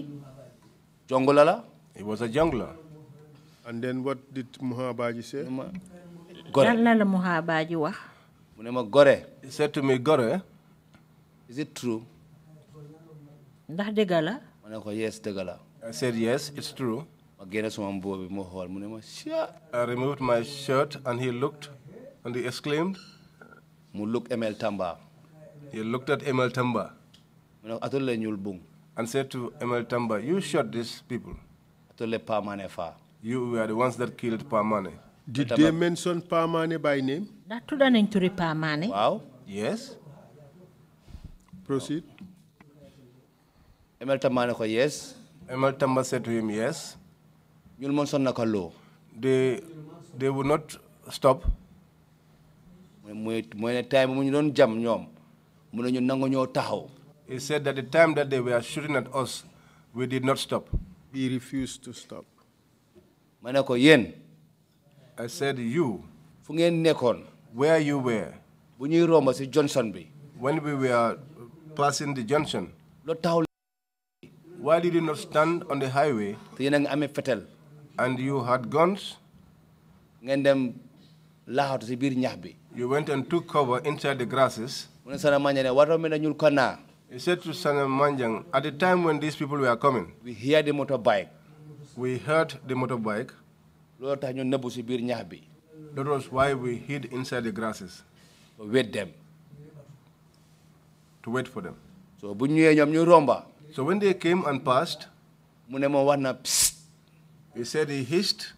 Jongolala? He was a jungler. And then what did Muhabaji say? Gore. Lala Muhabaji wa. Munema He said to me, Gore, is it true? Ndax degala? yes degala. I said yes, it's true. I removed my shirt and he looked and he exclaimed, Muluk Emel Tamba. He looked at Emil Tamba and said to Emil Tamba, You shot these people. You were the ones that killed Pamane. Did they mention Pamane by name? Wow. Yes. Proceed. Emil Tamba yes. Emil Tamba said to him, Yes. They, they would not stop. When time don't jam nyom ñu ñoo taxaw. He said that the time that they were shooting at us, we did not stop. We refused to stop. Manako Yen, ko yéen. I said you. fu ngeen nekkoon. Where you were. bu ñuy romb si Johnson bi. When we were passing the junction. Lo taxaw. Why did you not stand on the highway? te yéen a fetel. And you had guns. ngeen dem laxatu si biir ñax bi. You went and took cover inside the grasses. He said to Sanamanjang, at the time when these people were coming, we hear the motorbike. We heard the motorbike. That was why we hid inside the grasses. To wait them. To wait for them. So when they came and passed, he said he hissed.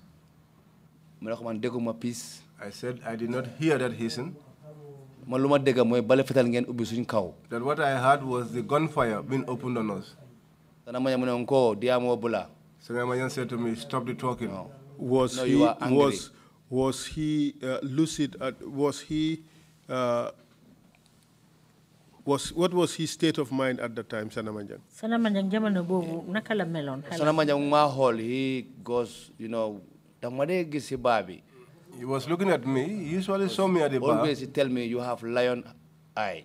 I said I did not hear that hissing man lu ma bale fetal ngeen ubbi suñ kaw. that what I heard was the gunfire being opened on us. Sana Manya Munonko, Diamo Bula. Sana Manya said to me, stop the talking. No. Was no, he, was, was he uh, lucid, at, was he, uh, was, what was his state of mind at the time, Sanamanjang? Sanamanjang jamono bobu nakala melon. Sanamanjang ma hol he goes, you know, damade gisi babi. He was looking at me. He usually saw me at the bar. Always he tell me you have lion eye.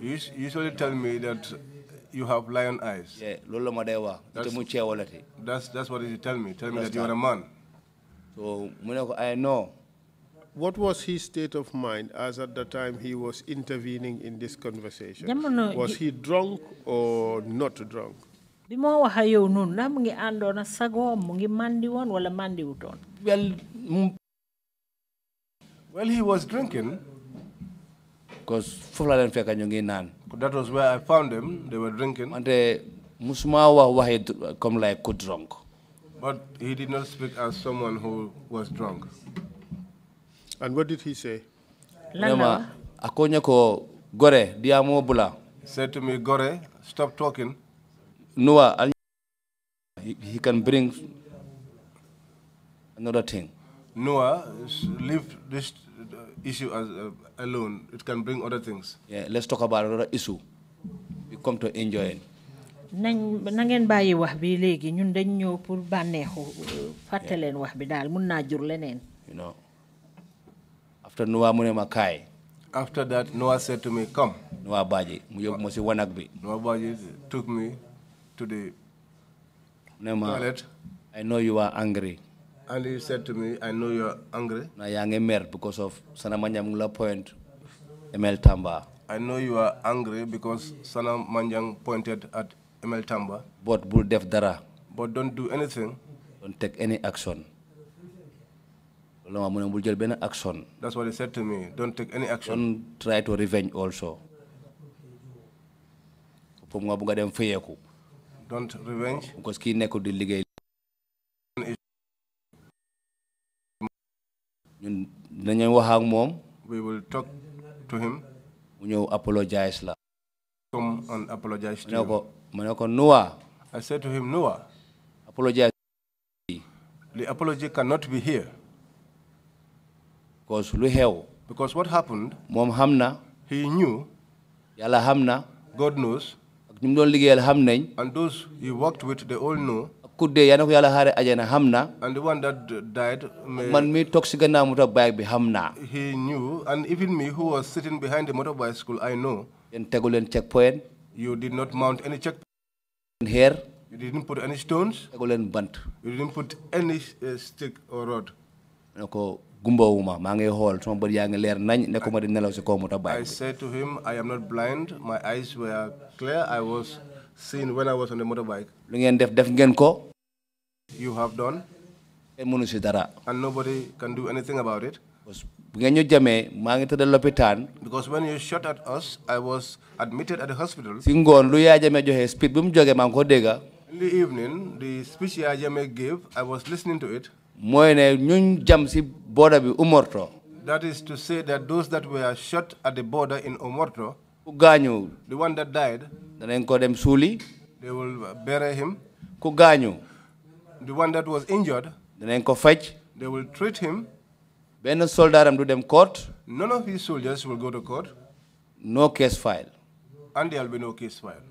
He usually tell me that you have lion eyes. Yeah, lolo madewa. That's, that's that's what he tell me. Tell me that you are a man. So I know. What was his state of mind as at the time he was intervening in this conversation? Was he drunk or not drunk? bi moo wax ak yow noonu ndax mu ngi àndoon màndi woon well well, he was drinking. Because That was where I found him. They were drinking. And come like drunk. But he did not speak as someone who was drunk. And what did he say? Lama akonya ko gore diamo bula. Said to me, Gore, stop talking. Noah, he, he can bring another thing. Noah leave this uh, issue as, uh, alone. It can bring other things. Yeah, let's talk about another issue. We come to enjoy it. nañ na ngeen bàyyi wax bi léegi ñun dañ ñëw pour bànneexu uh, fàtte wax bi daal mun naa jur leneen. you know after Noah mune ne ma kaay. after that Noah said to me come. Noah Baji mu yóbbu ma si wanag bi. Noah Baji took me to the. ne ma toilet. I know you are angry. And he said to me, I know you're angry. Na yange mer because of Sanamanya Mula Point, Emel Tamba. I know you are angry because Sana Manjang pointed at Emel Tamba. But bul def dara. But don't do anything. Don't take any action. bul jël ben action. That's what he said to me. Don't take any action. Don't try to revenge also. Don't revenge. Because ki nekkul di liggéey we will talk to him. mu apologize la. come and apologize to him. ma ne Noah. I said to him Noah. apologize. the apology cannot be here. because lu xew. because what happened. Mom Hamna. he knew. Yala Hamna. God knows. and those he worked with they all know ko yàlla ajana and the one that died. man mi toog motorbike bi he knew and even me who was sitting behind the motorbike school I know. yéen tegu checkpoint. you did not mount any checkpoint. here. You didn't put any stones. You didn't put any uh, stick or rod. motorbike. I said to him, I am not blind. My eyes were clear. I was seen when I was on the motorbike you have done. And nobody can do anything about it. Because when you shot at us, I was admitted at the hospital. In the evening, the speech you gave, I was listening to it. That is to say that those that were shot at the border in Omorto, the one that died, they will bury him the one that was injured. the ko faj. they will treat him. benn and do them court. none of his soldiers will go to court. no case file. and there will be no case file.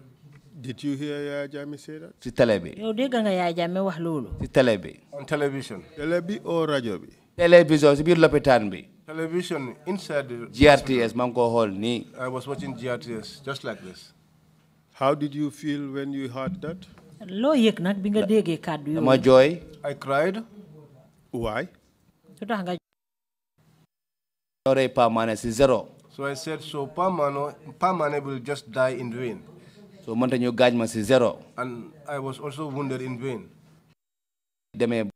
Did you hear Yaya Jami say that? Ci télé bi. Yow nga Yaya Jami wax loolu. Ci On television. Télé or radio. bi. Télévision ci biir lopitaan bi. Television inside the GRTS Man ko xool I was watching GRTS just like this. How did you feel when you heard that? lo yek nak bi nga déggee kàddu yu dama Joy. I cried why su tax nga ñoree paamaane si zéro so I said so mano, Pamano Pamane will just die in vain so mënta ñu gaañ ma si zéro and I was also wounded in vain demee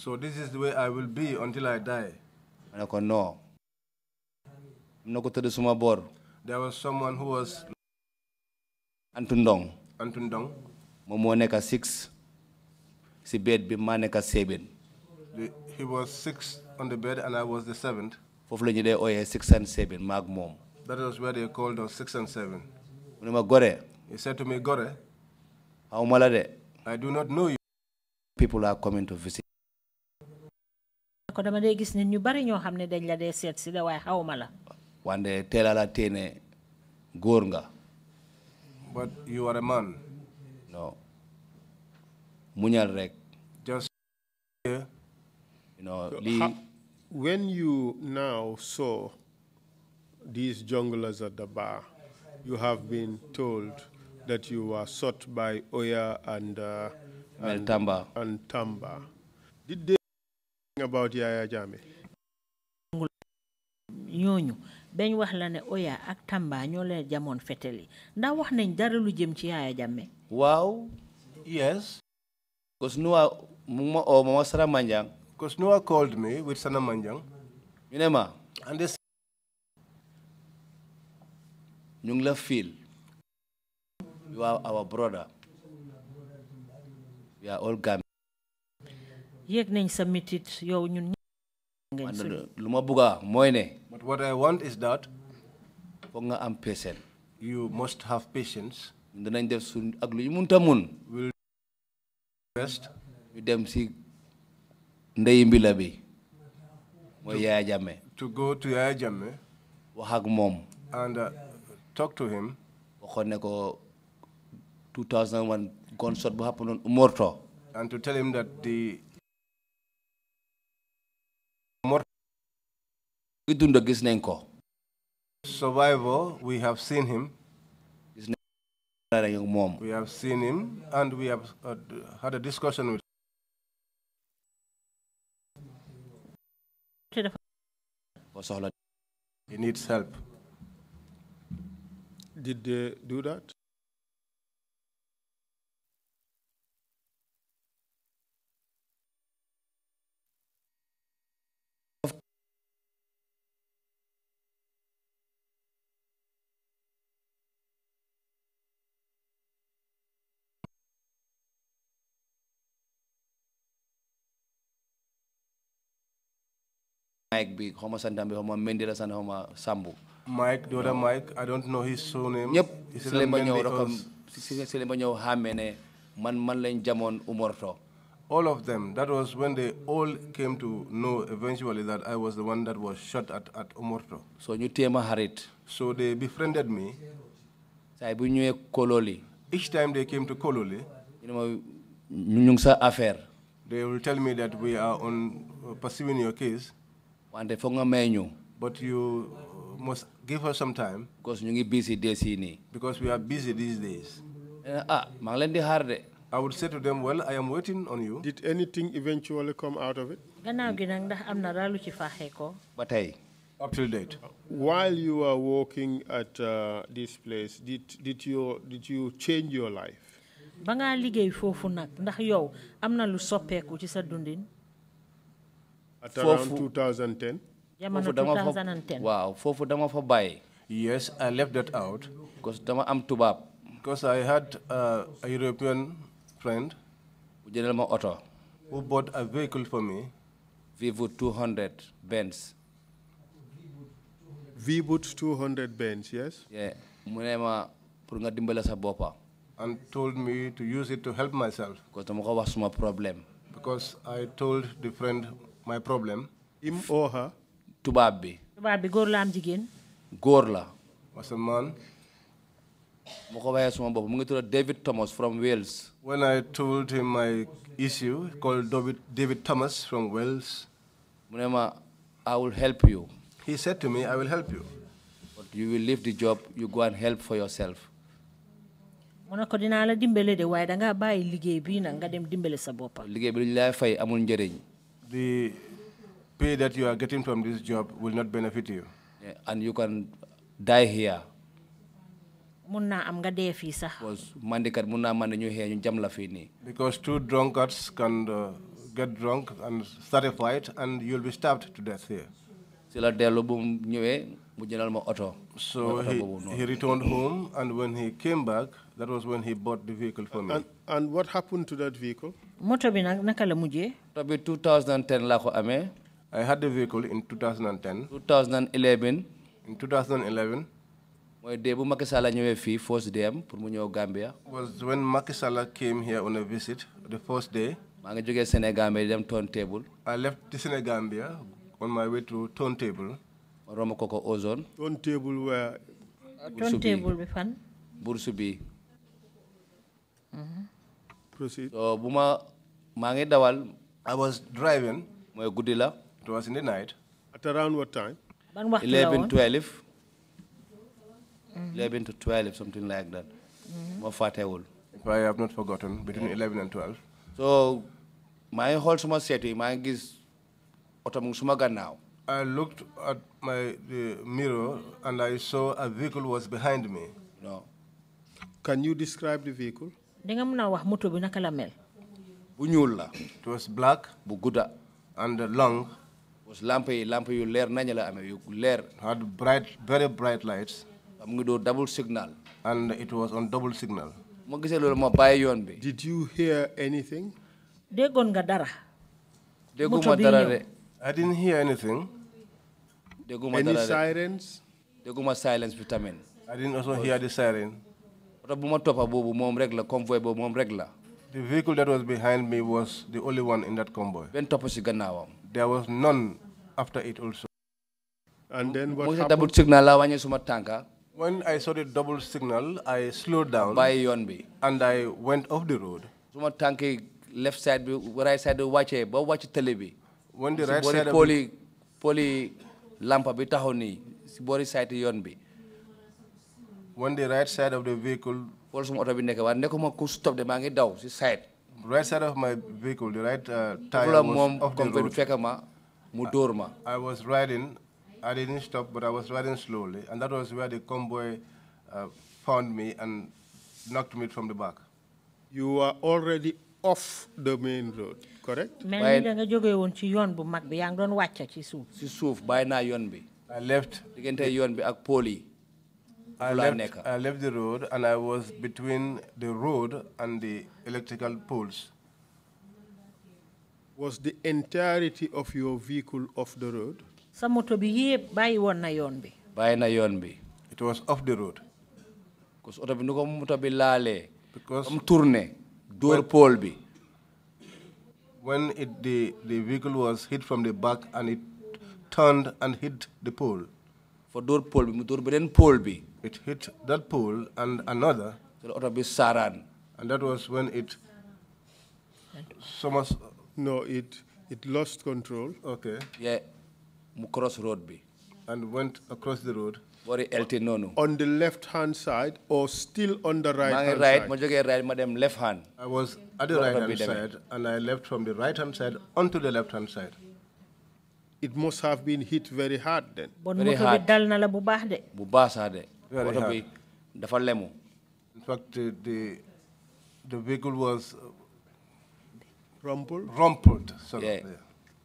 so this is the way I will be until I die ma ne ko non am na ko tëdd suma bor. there was someone who was Antundong Antundong moom moo six si bed bi maa seven he was six on the bed and I was the seventh foofu la ñu six and seven maag mom. that was where they called us six and seven mu ma gore he said to me gore how ma de I do not know you people are coming to visit ko dama dee gis nit ñu bari dañ la de wande la nga but you are a man so muñal rek just yeah. you know so li, when you now saw these junglers at the bar you have been told that you were sought by Oya and uh, and, and Tamba. Did they about Yaya Jame? ñooñu bañ wax la ne Oya ak Tamba ñoo leen jamoon ndax wax nañ dara lu jëm ci waaw yes because Noah muma o oh, mama Sana Manjang because Noah called me with Sana Manjang ñu ne ma and this ñu ngi la you are our brother we are all Gambians yëg nañ sa mitit yow ñun but what I want is that. foog nga am patient. you must have patience. dinañ def suñ ak lu ñu munta will best. ñu dem si ndey mbila bi. mooy Yaya Jammeh. to go to Yaya Jammeh. wax and uh, talk to him. waxoon 2001 gunshot bu happened and to tell him that the. Mor survivor we have seen him. we have seen him and we have uh, had a discussion with. him. he needs help. did they do that. Mike bi xawma santam bi xawma Mendela sant xawma Sambu. Mike the other Mike I don't know his surname. Yep. si leen ba ñëw rek si leen ba ñëw man man lañ jamoon Umorto. all of them. That was when they all came to know eventually that I was the one that was shot at at Umorto. So you tema harit. So they befriended me. Say Kololi. Each time they came to Kololi, they will tell me that we are on pursuing your case wante foog nga may ñu. but you uh, must give us some time. because ñu ngi busy days nii. because we are busy these days. Eh, ah maa ngi leen di xaar de. I would say to them, well, I am waiting on you. Did anything eventually come out of it? But hey. Up till date. While you were working at uh, this place, did, did, you, did you change your life? ba ngaa liggéey foofu nag ndax yow am na lu soppeeku ci sa dundin at around 2010 jamono 2010 waaw foofu dama fa bàyyi yes i left that out because dama am tubaab because i had uh, a european friend bu jëndal who bought a vehicle for me vivo 200 benz vivo 200 benz yes yeah mu pour nga dimbale sa and told me to use it to help myself because dama ko wax suma problème because i told the friend my problem. him or oh, her. tubaab bi. tubaab bi góor la am jigéen. góor la. was a man. ma ko suma bopp mu ngi David Thomas from Wales. when I told him my issue called David David Thomas from Wales. mu I will help you. He said to me, I will help you. But you will leave the job, you go and help for yourself. dimbele de liggéey bi ñu lay fay amul njëriñ the pay that you are getting from this job will not benefit you. Yeah, and you can die here. Because jam Because two drunkards can uh, get drunk and start a fight and you'll be stabbed to death here. So he, he, returned home, and when he came back, that was when he bought the vehicle for me. And, and what happened to that vehicle? moto bi naka la mujjee. moto bi 2010 laa ko amee. I had the vehicle in 2010. 2011. In 2011. mooy dee bu Macky Sall ñëwee fii pour mu ñëw Gambia. was when Macky Sall came here on a visit the first day. maa ngi jógee dem I left the Senegal on my way to Tontable. ma romb ko ko Ozone. Tontable where. Tontable bi fan. Bursu bi. Mhm. Proceed. So, Buma Mangedawal. I was driving. It was in the night. At around what time? 11, 12. 11 to 12, something like that. Mm -hmm. I have not forgotten, between yeah. 11 and 12. So, my whole summer set, my is now. I looked at my the mirror and I saw a vehicle was behind me. No. Can you describe the vehicle? di nga mën a wax moto bi naka la mel. bu ñuul la. it was black. bu gudda. and long. was lamp yi lamp yu leer nañ la amee yu leer. had bright very bright lights. am nga doo double signal. and it was on double signal. ma gisee loolu ma bàyyi yoon bi. did you hear anything. déggoon nga dara. dégguma dara de. I didn't hear anything. dégguma dara de any sirens. dégguma silence bi I didn't also hear the siren. The vehicle that was behind me was the only one in that convoy. Ben topp There was none after it also. And then what happened? When I saw the double signal, I slowed down. by Yonbi And I went off the road. Suma tànki left side right side watch it, but watch télé When the right side of poli poli lampa bitahoni, taxaw nii side Yonbi when the right side of the vehicle fol suma auto bi nekk waaye nekkuma ku stop de maa ngi daw si side right side of my vehicle the right uh, tire was moom off the road fekk ma mu dóor ma I was riding I didn't stop but I was riding slowly and that was where the convoy uh, found me and knocked me from the back you were already off the main road correct mel ni da nga jógee woon ci yoon bu mag bi yaa ngi doon ci suuf si suuf bàyyi naa bi I left diggante yoon bi ak pôle I left, I left the road and I was between the road and the electrical poles. Was the entirety of your vehicle off the road? sa moto bi yépp bàyyi woon na yoon bi. bàyyi na yoon bi. it was off the road. because oto bi nu ko moto bi laalee. because am tourné dóor pole bi. when it the the vehicle was hit from the back and it turned and hit the pole. For dóor pole bi mu dóor beneen pole bi. it hit that pole and another. The other bi saran, and that was when it. Somers. No, it it lost control. Okay. Yeah, mu cross road bi. And went across the road. Bori LT nono. On the left hand side or still on the right hand right, side? Right, right, madam left hand. I was at the right hand side and I left from the right hand side onto the left hand side it must have been hit very hard then. Very hard. Very hard. In fact, the, the, the vehicle was uh, rumpled. Rumpled. Sorry. Yeah.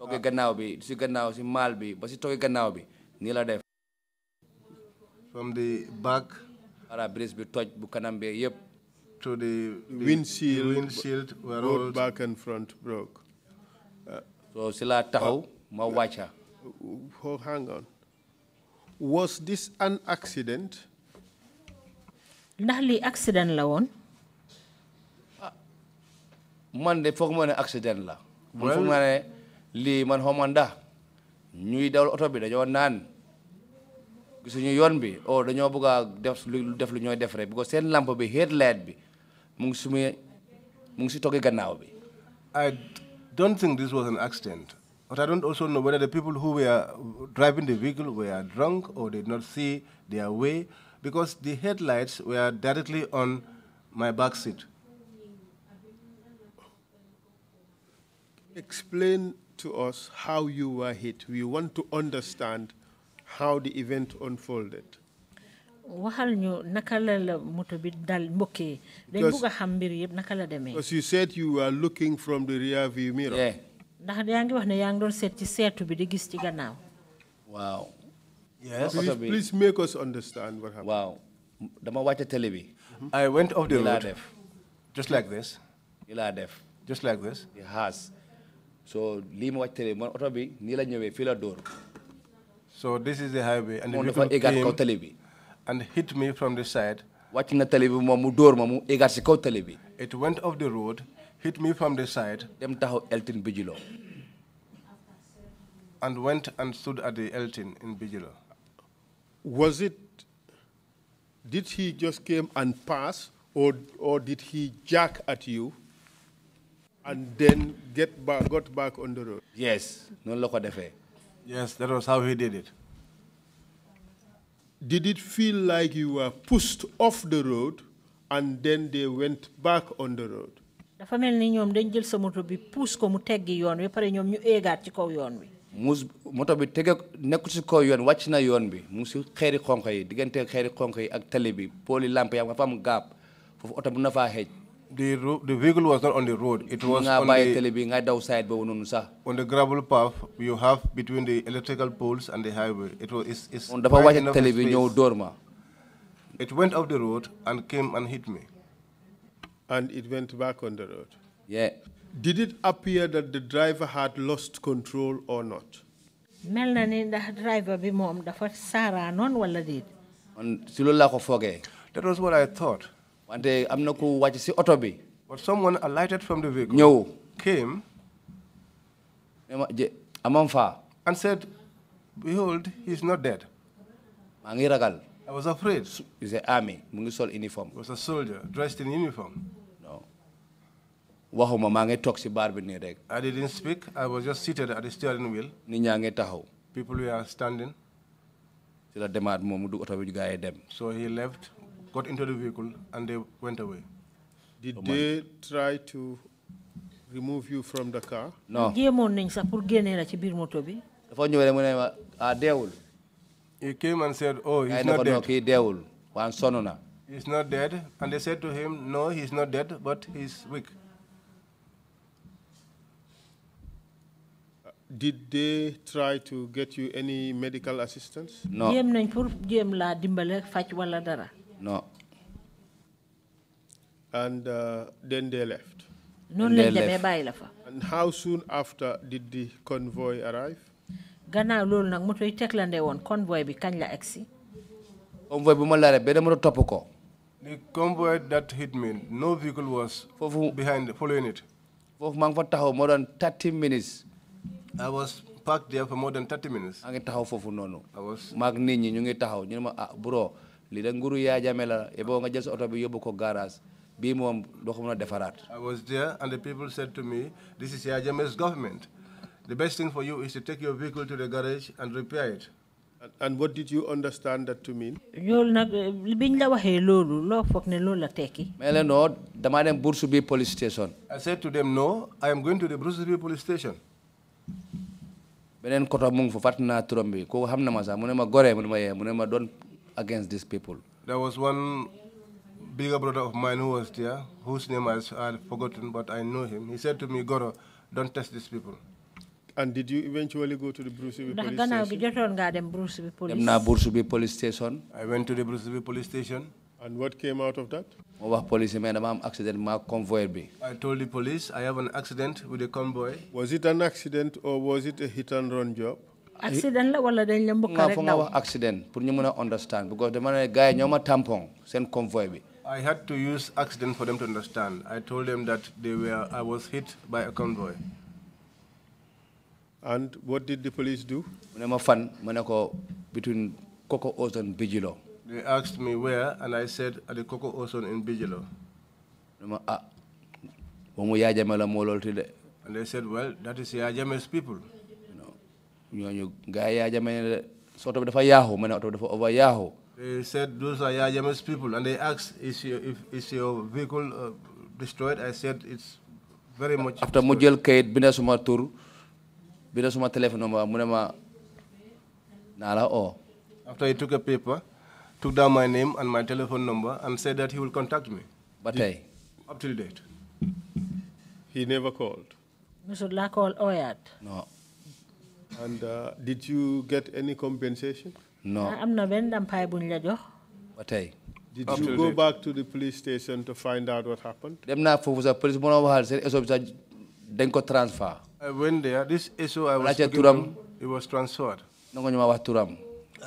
Okay, gannaaw bi si gannaaw si maal bi ba si toge bi nii def. From the back. Ara brise bi toj bu kanam bi yëpp. To the, the windshield, windshield were all back and front broke. Uh, so si la taxaw ma oh, hang on was this an accident ndax accident la woon ah. man de foog ma accident la man foog ma li man xaw man da. ñuy dawal auto bi dañoo nan. gisuñu yoon bi o oh, dañoo bëgg a def lu def lu ñooy def rek parce que lampe bi headlight bi mu ngi sumi mu ngi si toggee gannaaw bi I don't think this was an accident but I don't also know whether the people who were driving the vehicle were drunk or did not see their way because the headlights were directly on my back seat. Explain to us how you were hit. We want to understand how the event unfolded. Because, because you said you were looking from the rear view mirror. Yeah don set wow yes please, please make us understand what happened wow The wacce tele i went off the road just like this ila def just like this it has so lima ma telebi. man door so this is the highway and the vehicle came and hit me from the side wacc na telebi bi door egar ci kaw it went off the road hit me from the side. dem taxaw Elton Bijilo. and went and stood at the Elton in Bijilo. Was it? Did he just came and pass, or or did he jack at you? and then get back, got back on the road. Yes, no loko defe. Yes, that was how he did it. Did it feel like you were pushed off the road and then they went back on the road? dafa mel ni ñoom dañ jël sa moto bi ko mu teggi yoon wi pare ñoom ñu ci kaw yoon wi. moto bi tege kaw yoon wàcc na yoon bi mu si xeeri yi diggante xeeri yi ak tali bi pooli yaa fa am gaab foofu oto na faa xeej. the the vehicle was not on the road. It was on the, on the gravel path you have between the electrical poles and the highway. It was it's, it's right enough space. It went off the road and came and hit me. And it went back on the road. Yeah. Did it appear that the driver had lost control or not? mel the driver bi moom dafa saaraa noonu wala déet. man si loolu laa ko that was what I thought. wante am na ku wàcc si oto bi. but someone alighted from the vehicle. ñëw. came. amam fa. and said behold he is not dead. I was afraid. He's is an army mu uniform. he was a soldier dressed in uniform waxuma ngi bi rek. I didn't speak I was just seated at the steering wheel. nit ñaa ngi taxaw. people were standing. ci la du bi dem. so he left got into the vehicle and they went away. did oh they try to remove you from the car. No. jéemoon nañ sax pour génnee la ci biir moto bi. dafa ñëw mu ne ah, he came and said oh he's not dead. kii deewul waan sonn he's not dead and they said to him no he's not dead but he's weak. Did they try to get you any medical assistance? No. No. And uh, then they left. And, they left. and how soon after did the convoy arrive? gannaaw loolu nag moto yi teglande convoy bi kañ la agsi. convoy bu ma laale ba dama doon topp ko. the convoy that hit me no vehicle was. foofu behind following it. foofu maa ngi fa taxaw moo doon 30 minutes. I was parked there for more than 30 minutes. I was. Mag nit ñi ñu ngi taxaw ñu ma ah bro li da nguru yaa jame la ebo nga jël sa oto bi yóbbu ko garage bii moom doo I was there and the people said to me this is Yaya government the best thing for you is to take your vehicle to the garage and repair it. And, what did you understand that to mean? You'll biñ la waxee loolu loo foog ne loolu la tekki. mais leen noo police station. I said to them no I am going to the Brusubee police station koto ngi fa turam bi ma against these people. there was one bigger brother of mine who was there whose name I had forgotten but I know him he said to me Goro don't test these people. and did you eventually go to the Brusubi police station. ndax gannaaw gi jotoon dem police. dem police station. I went to the Brusubi police station. And what came out of that? I told the police I have an accident with a convoy. Was it an accident or was it a hit and run job? accident la wala dañ la mbokk rek daw accident pour ñu mëna understand because dama ne gaay ñoma tampon sen convoy bi I had to use accident for them to understand. I told them that they were I was hit by a convoy. And what did the police do? Mëna ma fan mëna ko between Coco Oz and Bijilo. They asked me where, and I said, at the Coco ocean in Bijilo. Ah, and they said, well, that is Yajame's people. They said, those are Yajame's people. And they asked, is your, if, is your vehicle uh, destroyed? I said, it's very much After Mujel Kate, Bina Suma Tour, Bina telephone number, Nala O. After he took a paper, took down my name and my telephone number and said that he will contact me. What day? Up till date. He never called. La called Oyat. No. And uh, did you get any compensation? No. I'm ah, not vendam pay bunja jo. What day? Did you go date. back to the police station to find out what happened? Dem na fofusa police mo na wahal sen eso bisa den transfer. I went there. This eso I was. It was transferred.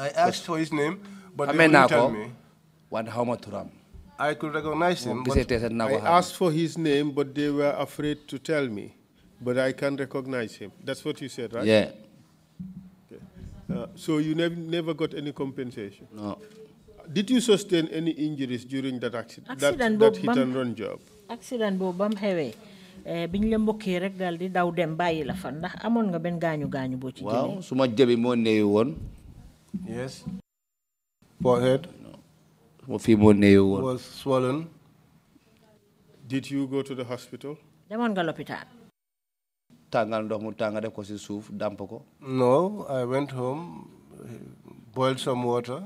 I asked for his name. But I you tell me. one hawma I could recognize him. But I asked for his name, but they were afraid to tell me. But I can recognize him. That's what you said, right? Yeah. Okay. Uh, so you never got any compensation? No. Did you sustain any injuries during that accident? accident that, that hit and run job? Accident bo bam hewe. Eh, biñ la mbokkee rek daal daw dem bayi la fa ndax nga ben gaañu gaañu boo ci jëlee. waaw su jëbi yes forehead was swollen. Did you go to the hospital? I went to the hospital. mu tànga def ko si suuf no I went home boiled some water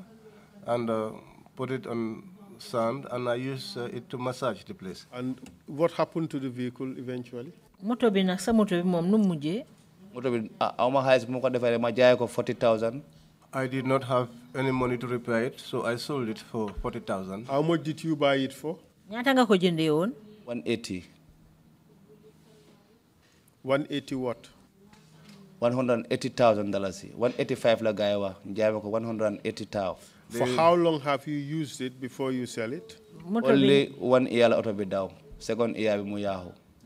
and uh, put it on sand and I used uh, it to massage the place. and what happened to the vehicle eventually. moto bi nag sa moto bi moom nu mu moto bi ah aw ma ko defee ma jaayee ko forty thousand. I did not have any money to repair it, so I sold it for 40,000. How much did you buy it for? 180. 180 what? 180,000 dollars. 185 la gaay wax 180,000. For how long have you used it before you sell it? Only one year out auto bi Second year bi mu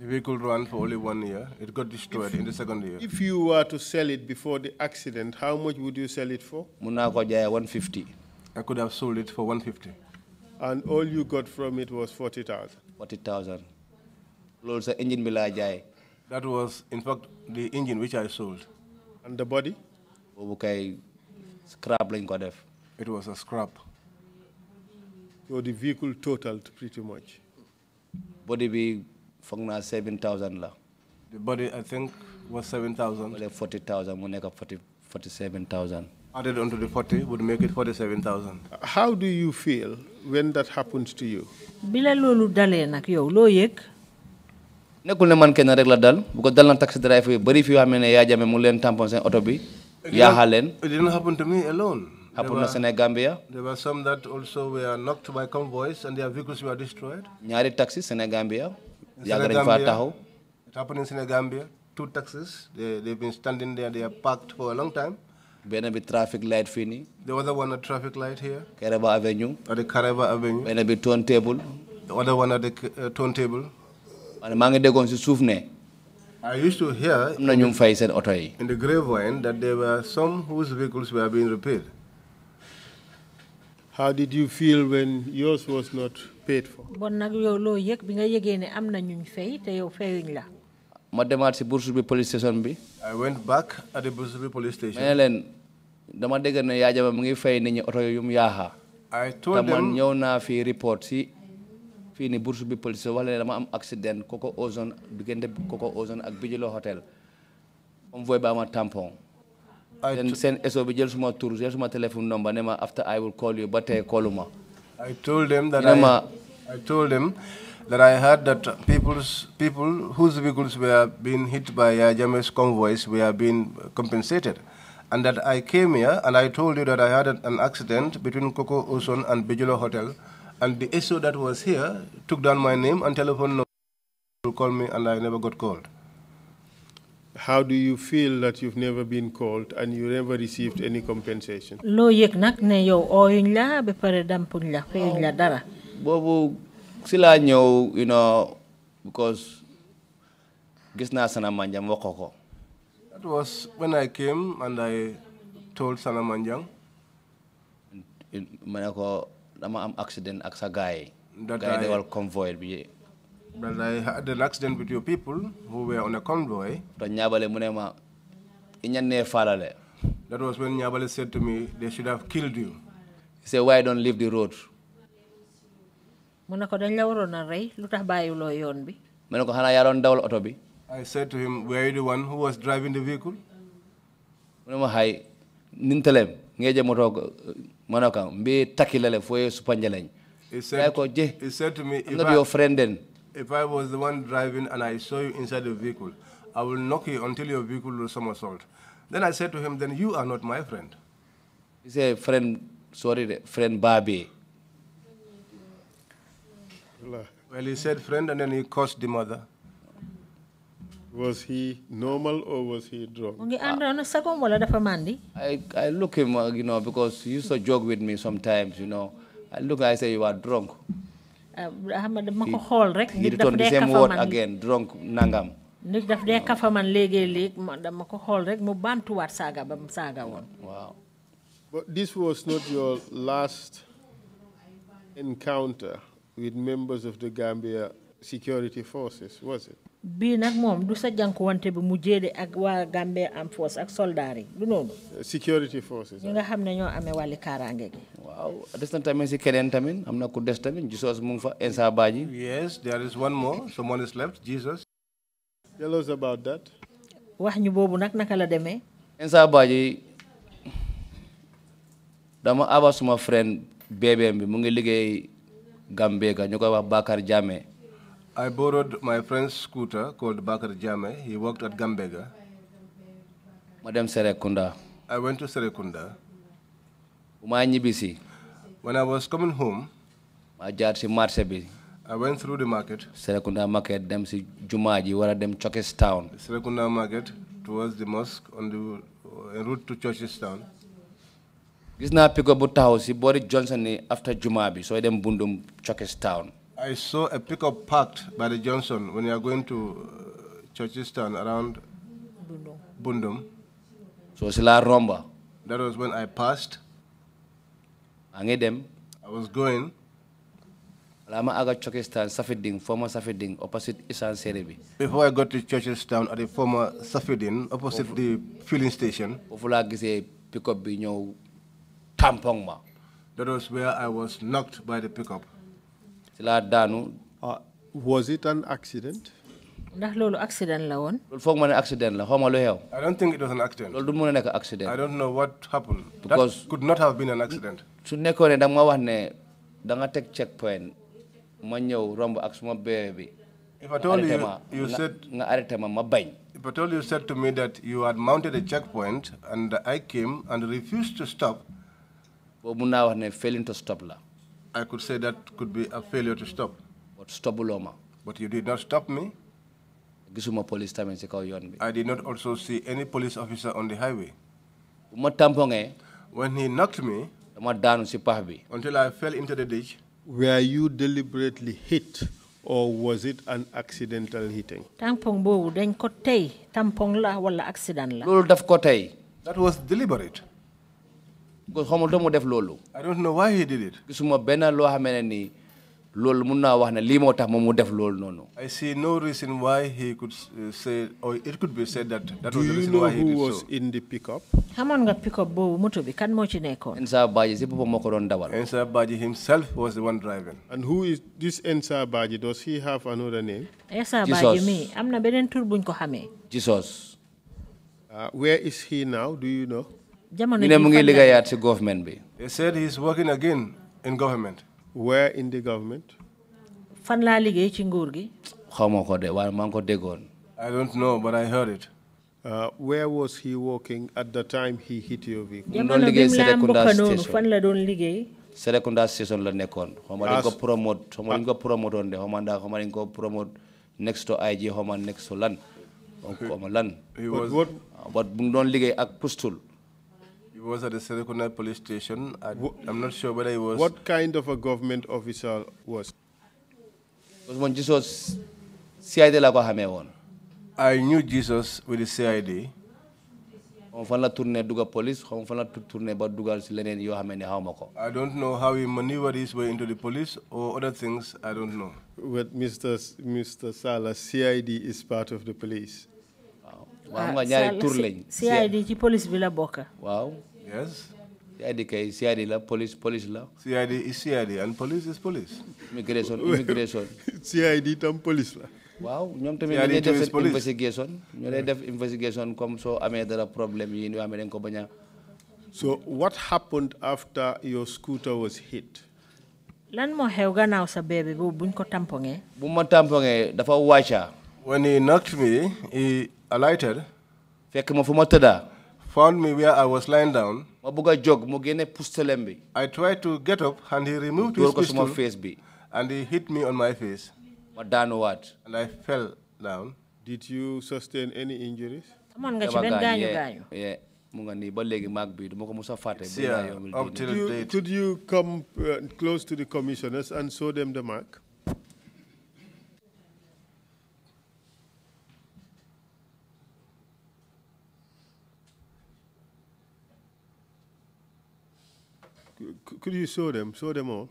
we could run for only one year. It got destroyed if, in the second year. If you were to sell it before the accident, how much would you sell it for? 150. I could have sold it for 150. And all you got from it was 40,000? 40,000. engine That was, in fact, the engine which I sold. And the body? Okay, scrap It was a scrap. So the vehicle totaled pretty much. Body be foog seven thousand la. the body I think was seven thousand. wala forty thousand mu nekk forty forty seven thousand. added onto the forty would make it forty seven thousand. how do you feel when that happens to you. Bila la loolu dalee nag yow loo yëg. ne man kenn rek la dal bu ko dal na taxi driver yu bëri fii yoo xam ne yaa jame mu leen tampon bi. it didn't happen to me alone. happened in Gambia. There were some that also were knocked by convoys and their vehicles were destroyed. Nyari taxi, Gambia. It happened in Senegambia. Two taxis, they, they've been standing there, they are parked for a long time. benn bi traffic light fini. the other one a traffic light here. Kereba Avenue. at the Kereba Avenue. benn bi turntable. the other one at the uh, turntable. man maa ngi déggoon si I used to hear. in the grapevine that there were some whose vehicles were being repaired. How did you feel when yours was not? paid for. bon nag yow loo yëg bi nga yëgee ne am na ñuñ fay te yow fayuñ la. ma demaat si Bursubi bi. I went back at the Bursubi police station. ma ne leen dama dégg ne yaa jama mu ngi fay nit ñi oto yu mu yaaxa. I told naa fii report si fii ni Bursubi police station wax dama am accident Coco Ozone diggante Coco Ozone ak Bijilo Hotel convoy ba ma tampon. seen seen SO bi jël suma tur jël suma téléphone number ne ma after I will call you ba tey calluma. I told him that I, I told him that I heard that people's, people whose vehicles were being hit by uh, James convoys were being compensated. And that I came here and I told you that I had an accident between Coco Ocean and Bijolo Hotel. And the SO that was here took down my name and telephone number to call me and I never got called how do you feel that you've never been called and you never received any compensation lo yek nak ne yow oyuñ la be pare dampuñ la feyuñ la oh, dara bobu ci la ñew you know because gis na sanamanjang waxoko that was when i came and i told sanamanjang manako dama am accident ak sa gaay gaay dewal convoy bi but I had an accident with your people who were on a convoy. That was when Nyabale said to me, they should have killed you. He said, why don't leave the road? I said to him, were you the one who was driving the vehicle? he said, he said to me, I'm not your friend then if I was the one driving and I saw you inside the vehicle, I will knock you until your vehicle will somersault. Then I said to him, then you are not my friend. He said, friend, sorry, friend Barbie. Well, he said friend and then he cursed the mother. Was he normal or was he drunk? I, I look him, uh, you know, because he used to joke with me sometimes, you know. I look, I say, you are drunk xam nga dama ko xool rek. nit daf dee kafa man again drunk nangam. nit daf dee kafa man leg, leeg dama ko xool rek mu bantuwaat saaga ba mu saaga woon. waaw. but this was not your last encounter with members of the Gambia security forces, was it? bii nag moom du sa wante bi mu jéede ak waa Gambia am force ak soldaar yi du noonu. security nga xam ne ñoo amee wàlli kaaraange gi. waaw des na tamit si keneen tamit am na ku des tamit Jesus mu ngi fa Insa Badji. yes there is one more someone wax ñu boobu nag naka la demee. Insa Badji dama aba suma friend beebeem bi mu ngi liggéey Gambega ñu koy wax Bakar Jammeh. I borrowed my friend's scooter called Bakar Jame. He worked at Gambega. Madam Serekunda. I went to Serekunda. When I was coming home, I went through the market. Serekunda market, dem si Jumaji, of dem Chokes town. Serekunda market towards the mosque on the uh, route to Chokes town. Gis na pick up taxaw si Boris Johnson after Jumabi. So I dem bundum Chokes town. I saw a pickup parked by the Johnson when you are going to uh, Churchistan around Bundum. Bundum. So La romba. That was when I passed. Angedem. I was going. Lama aga Churchistan Safeding, former Safeding, opposite Isan Serebi. Before I got to Churchistan at the former Safeding, opposite the filling station. Ofula gise pickup binyo ñew tampong ma. That was where I was knocked by the pickup. Uh, was it an accident. ndax loolu accident la woon. loolu foog accident la xaw lu xew. I don't think it was an accident. accident. I don't know what happened. because could not have been an accident. su nekkoon ne da wax ne da nga teg check ma ñëw romb ak suma bébé bi. If I told you, you said, if I told you said to me that you had mounted a checkpoint and I came and refused to stop, failing to stop la. I could say that could be a failure to stop. But stop, ma. But you did not stop me. gisuma police time ci kaw I did not also see any police officer on the highway. when he knocked me. until I fell into the ditch. were you deliberately hit or was it an accidental hitting. that was deliberate xamul def I don't know why he did it. gisuma benn loo xam wax ne tax mu def I see no reason why he could uh, say or it could be said that. that was the reason why he did so. Do you know who was in the pickup. xamoon nga pickup bo moto bi kan mo ci nekkoon. Ensa baji si boppam moo ko dawal. Ensa himself was the one driving. and who is this Ensa Baji? does he have another name. Ensa Baji mi am na beneen tur buñ ko Jesus. Uh, where is he now do you know jamono ñu ne government bi. he said he's working again in government. where in the government. fan laa liggéey ci nguur gi. xawma de waaye maa ko déggoon. I don't know but I heard it. Uh, where was he working at the time he hit your vehicle? jamono bi mu la mbokk noonu fan la doon liggéey. Serekunda station la nekkoon. xaw ma dañ ko promote xaw ko ah. promote woon de xaw da ndax xaw ma dañ ko promote next to IG xaw ma next to lan. xaw ma lan. but bu mu doon ak pustul was at the Serekunda police station. I, am not sure whether he was. What kind of a government officer was? Was when Jesus CID la I knew Jesus with the CID. I don't know how he maneuvered his way into the police or other things, I don't know. But Mr. S Mr. Sala, CID is part of the police. Wow. Uh, CID ci police bi la Wow. Yes. CID kay CID law. police police law. CID is CID and police is police. Immigration immigration. CID and police law. Wow. ñoom tamit dañuy def investigation ñu lay eh. def investigation comme soo amee dara problème yi ñu amee dañ ko bañ a. so what happened after your scooter was hit. lan moo xew gannaaw sa bébé boobu buñ ko tampoŋee. bu ma tampoŋee dafa wàcca. when he knocked me he alighted. fekk ma fu ma tëddaa found me where I was lying down. I tried to get up and he removed his pistol. face And he hit me on my face. then what? And I fell down. Did you sustain any injuries? Could you come uh, close to the commissioners and show them the mark? could you show them, show them all?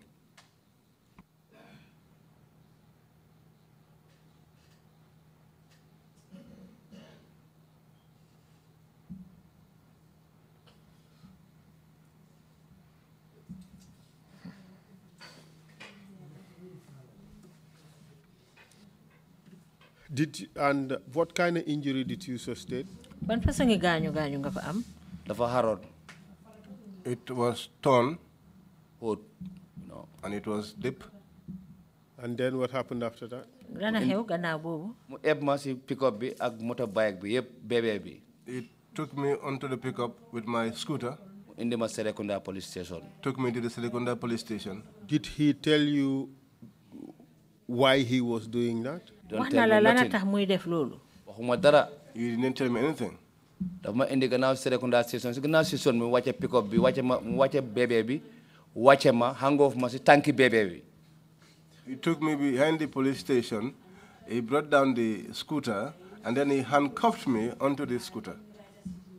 Did and what kind of injury did you sustain? you Ban you gaañu gaañu nga for am? Dafa haroon. It was torn you know. And it was deep. And then what happened after that? It took me onto the pickup with my scooter. In the police station. Took me to the Serekunda police station. Did he tell you why he was doing that? Don't tell me nothing. You didn't tell me anything. daf indi gannaaw Serekunda station si station mi wàcce pick bi wàcce ma wàcce bi tànki He took me behind the police station. He brought down the scooter and then he handcuffed me onto the scooter.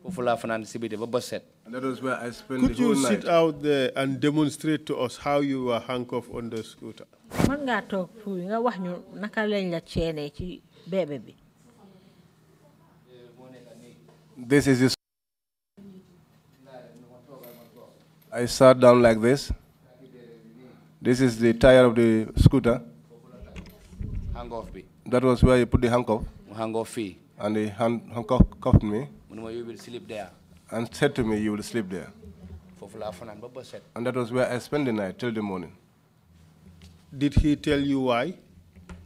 And that was where I spent Could the whole night. Could you sit out there and demonstrate to us how you were handcuffed on the scooter? This is the I sat down like this. This is the tire of the scooter. off me. That was where you put the handcuff. Handcuff fee. And the hand, handcuff cuffed me. You will sleep there. And said to me, you will sleep there. And that was where I spent the night till the morning. Did he tell you why?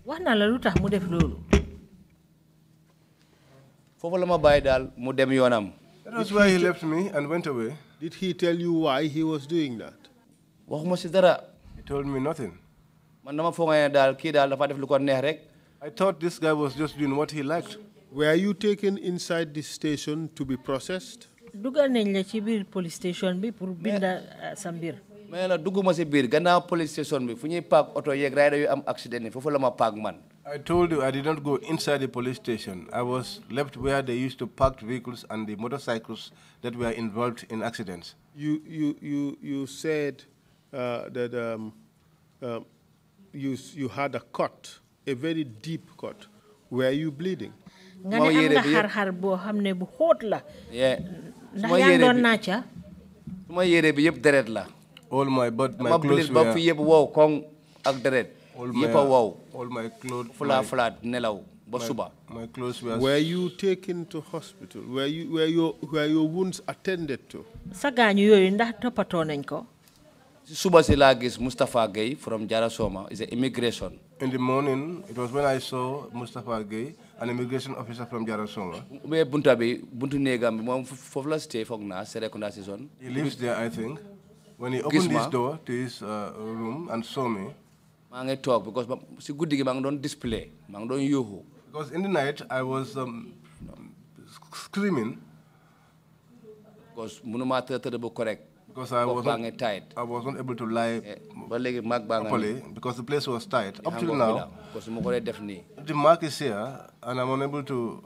Wana la ruta mu def lolu. Fofu lama bay dal mu dem yonam. That was where he left me and went away. Did he tell you why he was doing that? waxuma ci dara. He told me nothing. man dama foog ne daal kii daal dafa def lu ko I thought this guy was just doing what he liked. Were you taken inside the station to be processed? dugal nañ la police station bi pour binda euh, sa mbir. mais nag dugguma si biir gannaaw police station bi fu ñuy paak oto yeeg rider yu am accident yi foofu la ma man. I told you I did not go inside the police station. I was left where they used to park vehicles and the motorcycles that were involved in accidents. You, you, you, you said uh, that um, uh, you, you had a cut, a very deep cut. Were you bleeding? nga la. Ah? la. all my but my clothes were ma wow yëpp wow. all my clothes fulaa fulaat nelaw ba suba. my clothes were. were you taken to hospital were you were your were your wounds attended to. sa gaañu yooyu ndax toppatoo nañ ko. suba si laa gis Mustapha Gueye from Jarasoma is an immigration. in the morning it was when I saw Mustafa Gay, an immigration officer from Jarasoma. mais bunta bi buntu néegam bi moom foofu la stay foog naa Serekunda si he lives there I think. when he opened his door to his uh, room and saw me maa ngi because si guddi gi maa display maa ngi doon because in the night I was um, screaming. because mënuma tëtëre bu correct. because I was not, I was not able to lie eh, properly because the place was tight. Up till now, because the mark is here and I'm unable to.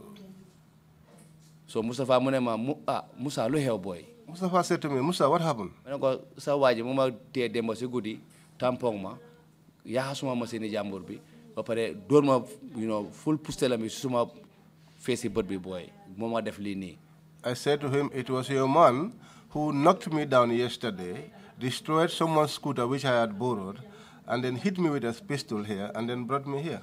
So Mustafa Munema, ah, Musa, look here, boy. Mustafa said to me, Musa, what happened? I go, sa Waji, Muma, dear Demosugudi, tampong ma suma bi ba pare dóor ma you know full mi suma bi def I said to him it was your man who knocked me down yesterday destroyed someone's scooter which I had borrowed and then hit me with a pistol here and then brought me here.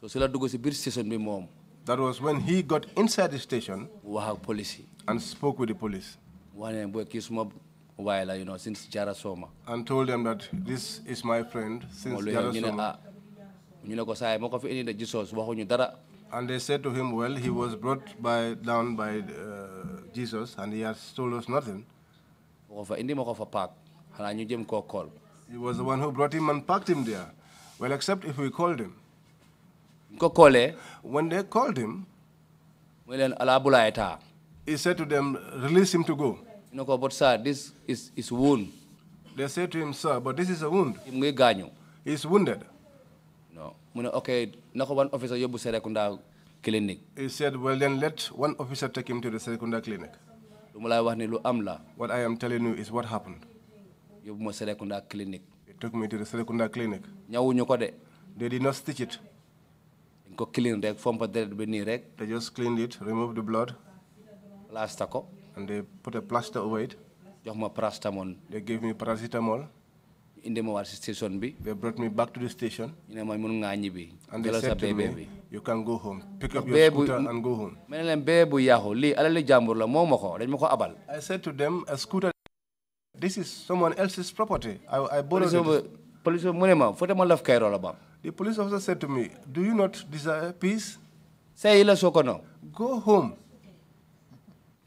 so si la dugg si station bi mom that was when he got inside the station. wax police. and spoke with the police. ne suma while, you know, since Jara Soma. And told them that this is my friend since Jara Soma. And they said to him, well, he was brought by, down by uh, Jesus and he has told us nothing. He was the one who brought him and packed him there. Well, except if we called him. When they called him, he said to them, release him to go. You know, but sir, this is, is wound. They say to him, sir, but this is a wound. He's wounded. No. Okay, one officer yobu Serekunda clinic. He said, well then let one officer take him to the Serekunda clinic. What I am telling you is what happened. Yobu Serekunda clinic. He took me to the Serekunda clinic. They did not stitch it. They just cleaned it, removed the blood. Last tackle. And they put a plaster over it. they gave me paracetamol. In the waat station they brought me back to the station. In the ma mun and they said to me you can go home. pick up your scooter and go home. I said to them a scooter. this is someone else's property. I I borrowed it. police The police officer said to me, do you not desire peace? Say ila sokono. Go home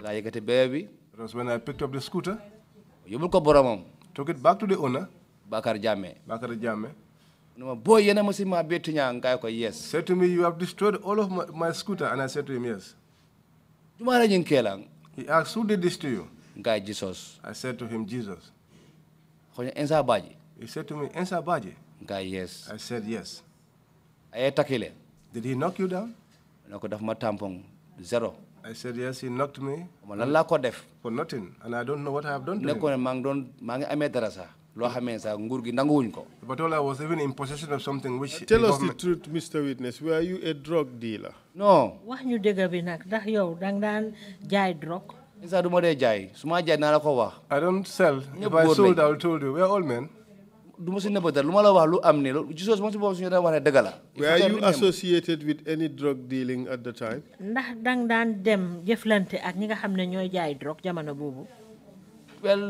laa yëkkati bébé bi. when I picked up the scooter. yóbbul ko boromam. took it back to the owner. Bakar jamme. Bakar jamme. No, boy, you know, my bit guy ko yes. Said to me, you have destroyed all of my, my scooter, and I said to him, yes. Jumara Kelang. He asked, who did this to you? Guy Jesus. I said to him, Jesus. Konya ensa baji. He said to me, ensa baji. Guy yes. I said yes. Aye takile. Did he knock you down? Nako daf ma tampon zero. I said yes, he knocked me. man ko def. for nothing and I don't know what I have done to him. nekkoon maa ngi doon dara nguur gi ko. But all I was even in possession of something which. Tell us the truth, Mr. Witness. Were you a drug dealer? No. wax ñu dëgg bi nag ndax yow dang daan jaay drogue. sax du ma dee jaay jaay la ko wax. I don't sell. If I sold, I will told you. We are all men du ma lu ma la wax lu am ne suñu la. were you associated with any drug dealing at the time. ndax dang daan dem jëflante ak ñi nga xam ne jaay well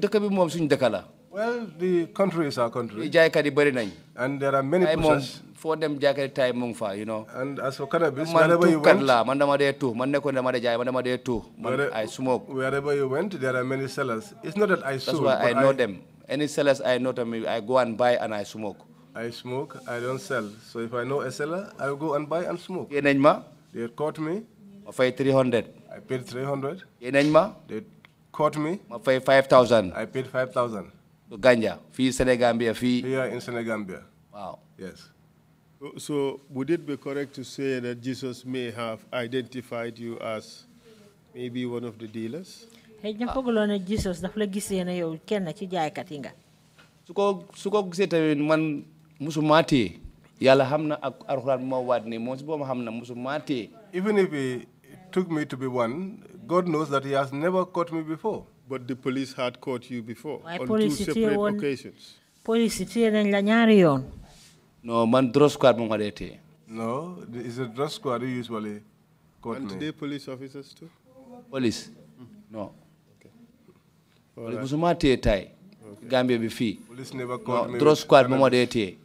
dëkk bi suñu dëkk la. well the country is our country. jaaykat yi bëri nañ. and there are many pushers. for dem jaakari tay mu fa you know and as for cannabis wherever you went la man dama man dama jaay man dama man I smoke wherever you went there are many sellers it's not that I sold that's why I know them any sellers I know, I go and buy and I smoke. I smoke, I don't sell. So if I know a seller, I'll go and buy and smoke. They caught me. I paid 300. I paid 300. They caught me. I paid 5,000. I paid 5,000. So Ganja, fee Senegambia, fee. Here in Senegambia. Wow. Yes. So would it be correct to say that Jesus may have identified you as maybe one of the dealers? xëy ne Jesus man even if he took me to be one God knows that he has never caught me before. But the police had caught you before on two separate occasions. Police nañ la ñaari No, man drug squad moo ma No, is a drug squad usually caught me. And today police officers too? Police? Mm -hmm. No, musuma téye tay Gambie bi fii drug squad bi moo dee téye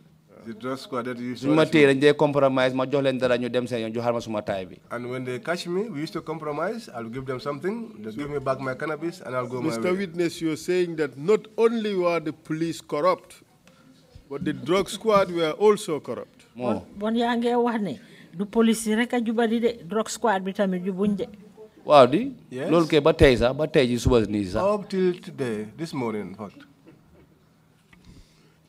suñu ma téye dañ dee compromise ma jox leen dara ñu dem seen yoon joxal ma suma taay bi and when they catch me we used to compromise I'll give them something they give me back my cannabis and I'll go my way Mr Witness you're saying that not only were the police corrupt but the drug squad were also corrupt bon yaa ngee wax ne du police yi rek a jubadi de drug squad bi tamit jubuñ de waaw di. yes loolu kay ba tey sax ba tey ji suba up till today this morning in fact.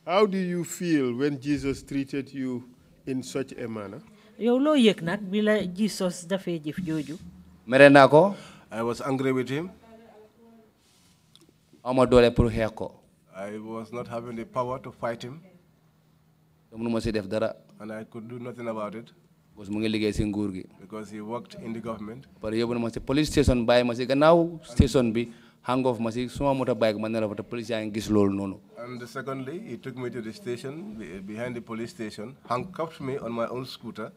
how do you feel when Jesus treated you in such a manner. yow loo yëg nag bi Jesus dafee jëf jooju. mere naa ko. I was angry with him. awma doole pour xeex ko. I was not having the power to fight him. te mënuma si def dara. and I could do nothing about it because because he worked in the government. pare yóbbu na ma police station by, ma si now station bi hang off ma si suma bike police yaa and secondly he took me to the station behind the police station handcuffed me on my own scooter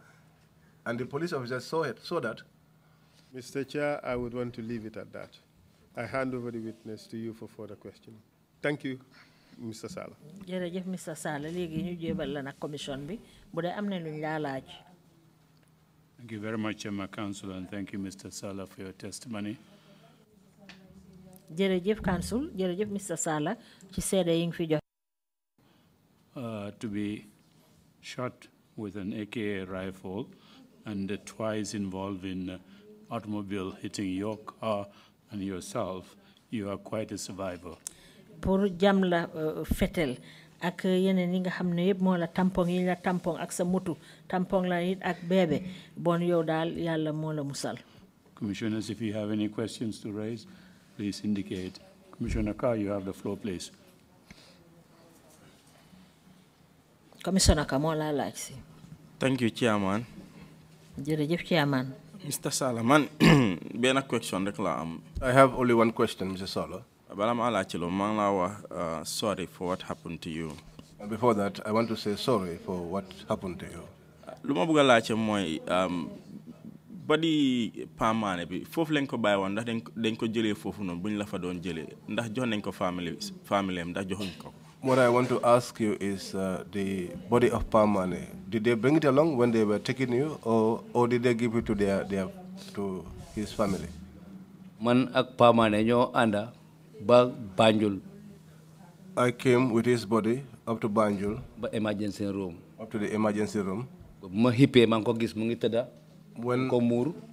and the police officer saw it saw that. Mr. Chair, I would want to leave it at that. I hand over the witness to you for further questioning. Thank you, Mr. Sala. jërëjëf Mr. Sala léegi ñu jébal la nag commission bi bu dee am na lu laaj. Thank you very much, Chairman Council, and thank you, Mr. Sala, for your testimony. Jerejef Council, Jerejef Mr. Sala, she said a young figure. Uh, to be shot with an AKA rifle and uh, twice involved in uh, automobile hitting your car and yourself, you are quite a survivor. Pour Jamla uh, Fettel ak yeneen yi nga xam ne yëpp moo la yi la ak sa mutu la ak bon yow daal yàlla moo la musal. Commissioners, if you have any questions to raise, please indicate. Commissioner Carr, you have the floor, please. Commissioner Kamola Alaxi. Thank you, Chairman. Jerejef Chairman. Mr. Salaman, question, I have only one question, Mr. Sala. Balam Alachilo Manglawa, uh, sorry for what happened to you. Uh, before that, I want to say sorry for what happened to you. Uh, Lumabuga buga lache moy um, body pamane bi fofu lañ ko baye won ndax dañ ko jëlé fofu non buñ la fa family family ndax joxuñ ko What I want to ask you is uh, the body of Pamane. Did they bring it along when they were taking you, or, or did they give it to their, their to his family? Man ak Pamane ñoo anda ba Banjul. I came with his body up to Banjul. Ba emergency room. Up to the emergency room. Ma hippee maa ngi ko gis mu ngi tëdda. When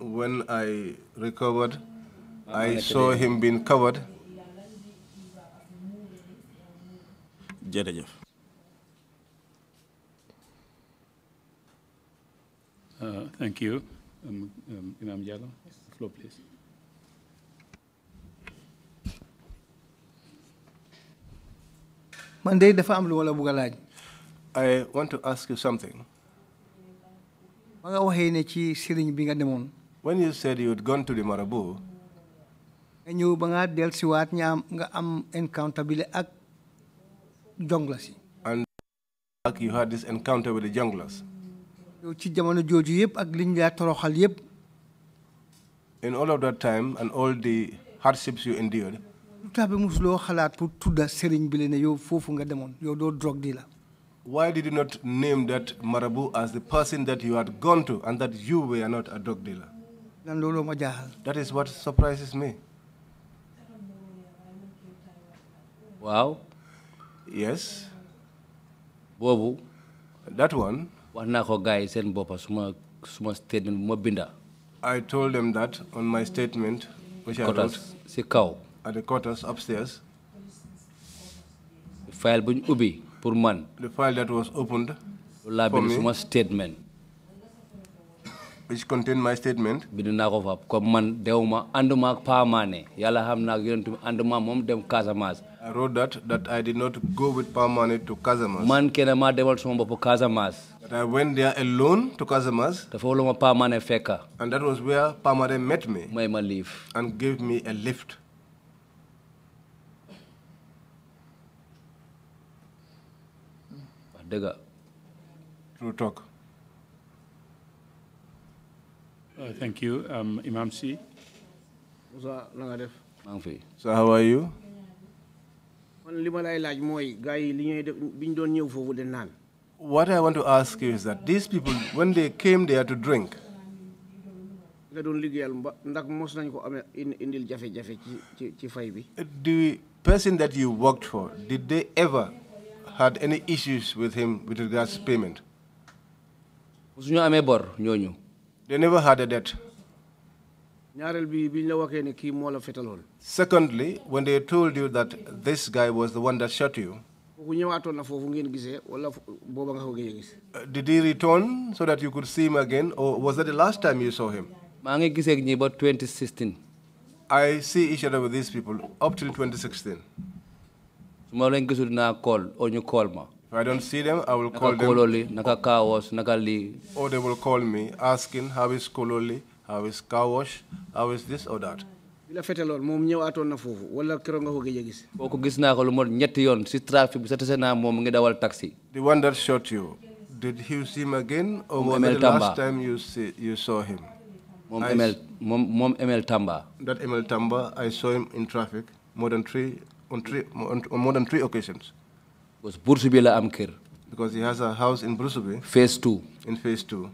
When I recovered, I saw him being covered. jërëjëf. Uh, thank you, um, um, Imam Jallow. Floor please. day I want to ask you something. when you said you had gone to the Marabu. encounter and you had this encounter with the junglers. in all of that time and all the hardships you endured pour tudda bi ne yow nga yow dealer. why did you not name that marabu as the person that you had gone to and that you were not a drug dealer. lan ma that is what surprises me. Wow. yes. Bobu. that one. wax ko gars yi seen suma suma statement mo binda. I told them that on my statement, which I wrote. si at the quarters upstairs. The file buñ ubi pour man. The file that was opened. Lola for me. statement. Which contained my statement. Bind naa ko fa comme man dewuma ànduma ak pa Mané yàlla xam naa ak yonent bi ànduma moom dem Casamance. I wrote that that I did not go with Paa Mané to Casamance. man kena ma demal sama bopp Casamance. That I went there alone to Casamance. dafa wala ma Paa Mané fekka. and that was where Paa Mané met me. may ma leave. and gave me a lift. true talk Uh, thank you. Um, Imam si So how are you? What I want to ask you is that these people, when they came there to drink, the person that you worked for, did they ever had any issues with him with regards to payment? they never had a debt. secondly when they told you that this guy was the one that shot you. Uh, did he return so that you could see him again or was that the last time you saw him. 2016. I see each other with these people up till 2016. If I don't see them, I will call them. Or they will call me asking how is Kololi, how is Kawash, how is this or that. bila feteloon moom ñëwaatoon na foofu wala kero nga ko gëj a gis. kooku gis naa ko lu mot yoon trafic bi sa dawal taxi. the one that shot you. did you see him again. or was the last time you see you saw him. Mom Emel Tamba. that Emel Tamba I saw him in traffic more than three on, three, on, on more than three occasions. Because Bursubi la Because he has a house in Bursubi. Phase 2. In phase 2.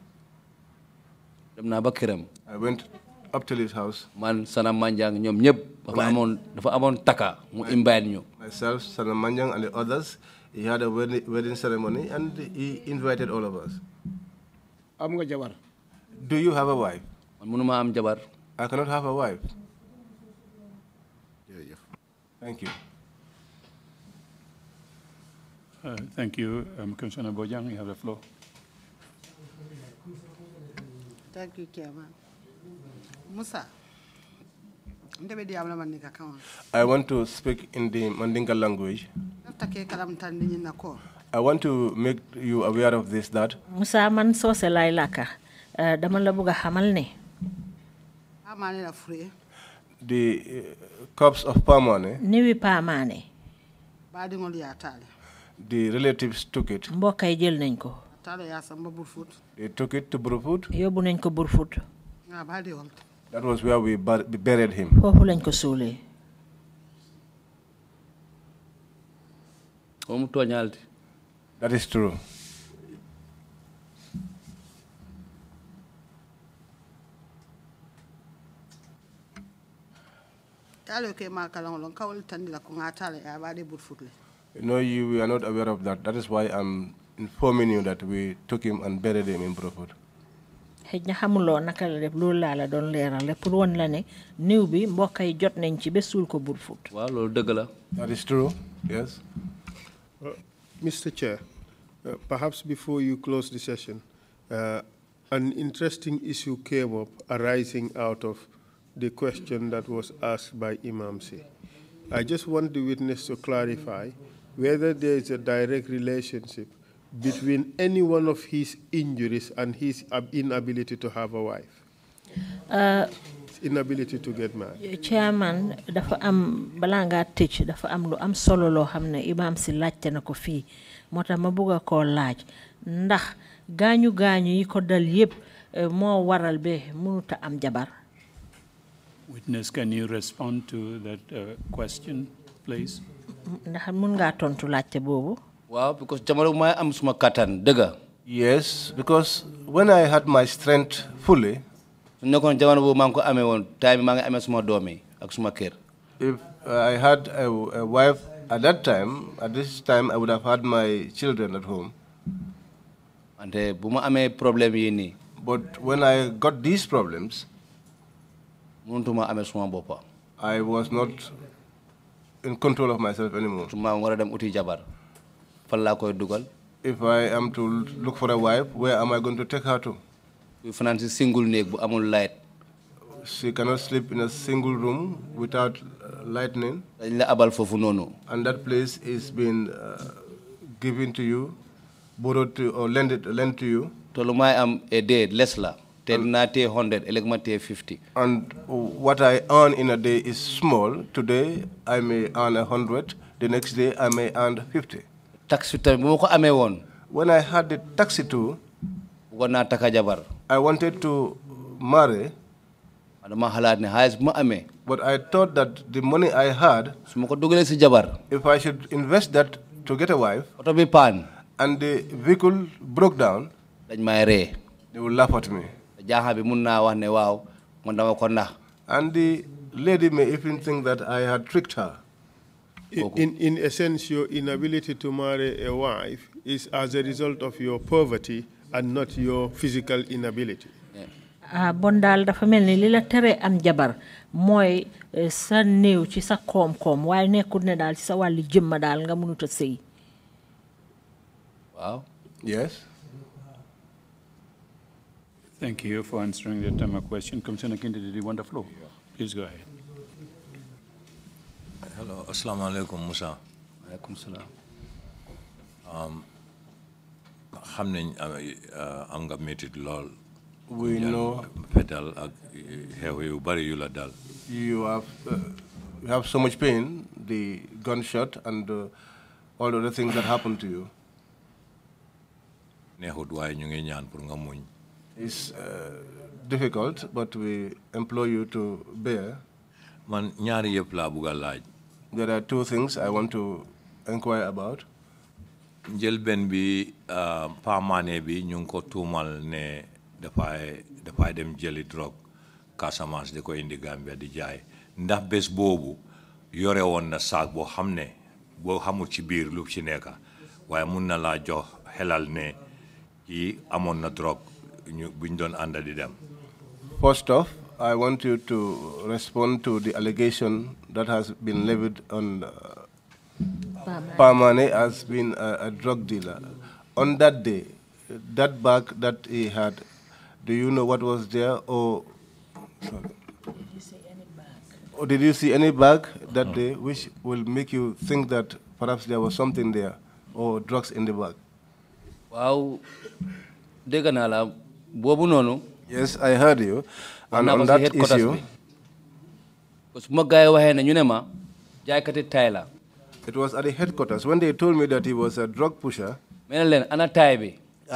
I went up to his house. Man Sana Manjang ñoom ñëpp dafa amoon dafa taka mu invite Myself sanam Manjang and the others he had a wedding, wedding ceremony and he invited all of us. Am jabar. Do you have a wife? Man am jabar. I cannot have a wife. Thank you. Uh, thank you, um, Commissioner Bojang. You have the floor. Thank you, Chairman. Musa. I want to speak in the Mandinka language. I want to make you aware of this that Musa man so selai laka uh, dama la buga hamal ne. The uh, cups of palmane. Niwi palmane. Badingol ya The relatives took it. Mboka jël nengo. ko. ya samba Burfoot. They took it to Burfoot. Yobu nañ ko Burfoot. Nga badiwol. That was where we buried him. Fofu lañ ko suulé. Omu That is true. talo ke no you we are not aware of that that is why i'm informing you that we took him and buried him in Broford xejna xamuloo naka la def loolu laa la doon leerale pour woon la ne néew bi mbokk yi jot nañ ci ba ko Brufut. waaw loolu dëgg la. that is true yes. Uh, Mr. Chair, uh, perhaps before you close the session, uh, an interesting issue came up arising out of the question that was asked by Imam Si, I just want the witness to clarify whether there is a direct relationship between any one of his injuries and his inability to have a wife. Uh, inability to get married. Chairman dafa am Balanga teach. dafa am lu am solo lo xam Imam si laajte na ko fii moo tax ma bëgg a koo laaj ndax gaañu gaañu yi ko dal yépp eh, moo waral be mënuta am jabar. Witness, can you respond to that uh, question, please? Well, because jamono am suma kattan dëgg. yes because when I had my strength fully. if I had a, a wife at that time at this time I would have had my children at home. and bu ma amee but when I got these problems. I was not in control of myself anymore. if I am to look for a wife where am I going to take her to. kuy fanaan si single i bu light. she cannot sleep in a single room without uh, lightning. and that place is being uh, given to you borrowed to or lent to you. am eh, less 10 90 100, elegma 50. And what I earn in a day is small. Today I may earn 100, the next day I may earn 50. Taxi time, moko ame won. When I had the taxi too, wana takajabar. I wanted to marry. But I thought that the money I had, if I should invest that to get a wife, and the vehicle broke down, they will laugh at me jaaxa bi mun naa wax dama ko nax and the lady may even think that I had tricked her. In, in, essence, your inability to marry a wife is as a result of your poverty and not your physical inability. Ah, bondal dafa mel ni li la tere am jabar mooy eh, sa néew ci sa kom kom, waaye nekkul ne daal ci sa wàllu jëmma dal nga mënut a sëy. Wow. yes. Thank you for answering that time um, of question. Commissioner Kindi, did you want the floor? Please go ahead. Hello, Assalamu alaikum, Musa. Alaikum salam. Um, xam nañ uh, uh, am nga métit lool. we know. fetal ak xew yu bari dal. you have uh, you have so much pain the gunshot and uh, all the other things that happened to you. neexut waaye ñu ngi ñaan is uh, difficult, but we implore you to bear. Man ñaari yëpp laa There are two things I want to inquire about. njëlbeen bi uh, paamaane bi ñu ko tuumal ne dafay dafay dem jëli drug Casamance di ko indi Gambia di jaay ndax bés bobu yore woon na saak boo xam ne boo xamul ci biir lu ci nekka waaye mun na laa jox xelal ne yi amon na drug. First off, I want you to respond to the allegation that has been levied on uh, Pamane has been a, a drug dealer. On that day, that bag that he had, do you know what was there or? Sorry. Or did you see any bag that day which will make you think that perhaps there was something there or drugs in the bag? Wow. Well, boobu noonu. yes I heard you. and on that issue. su ma gars yi waxee ne ñu ne ma jaaykati taay la. It was at the headquarters when they told me that he was a drug pusher. Ana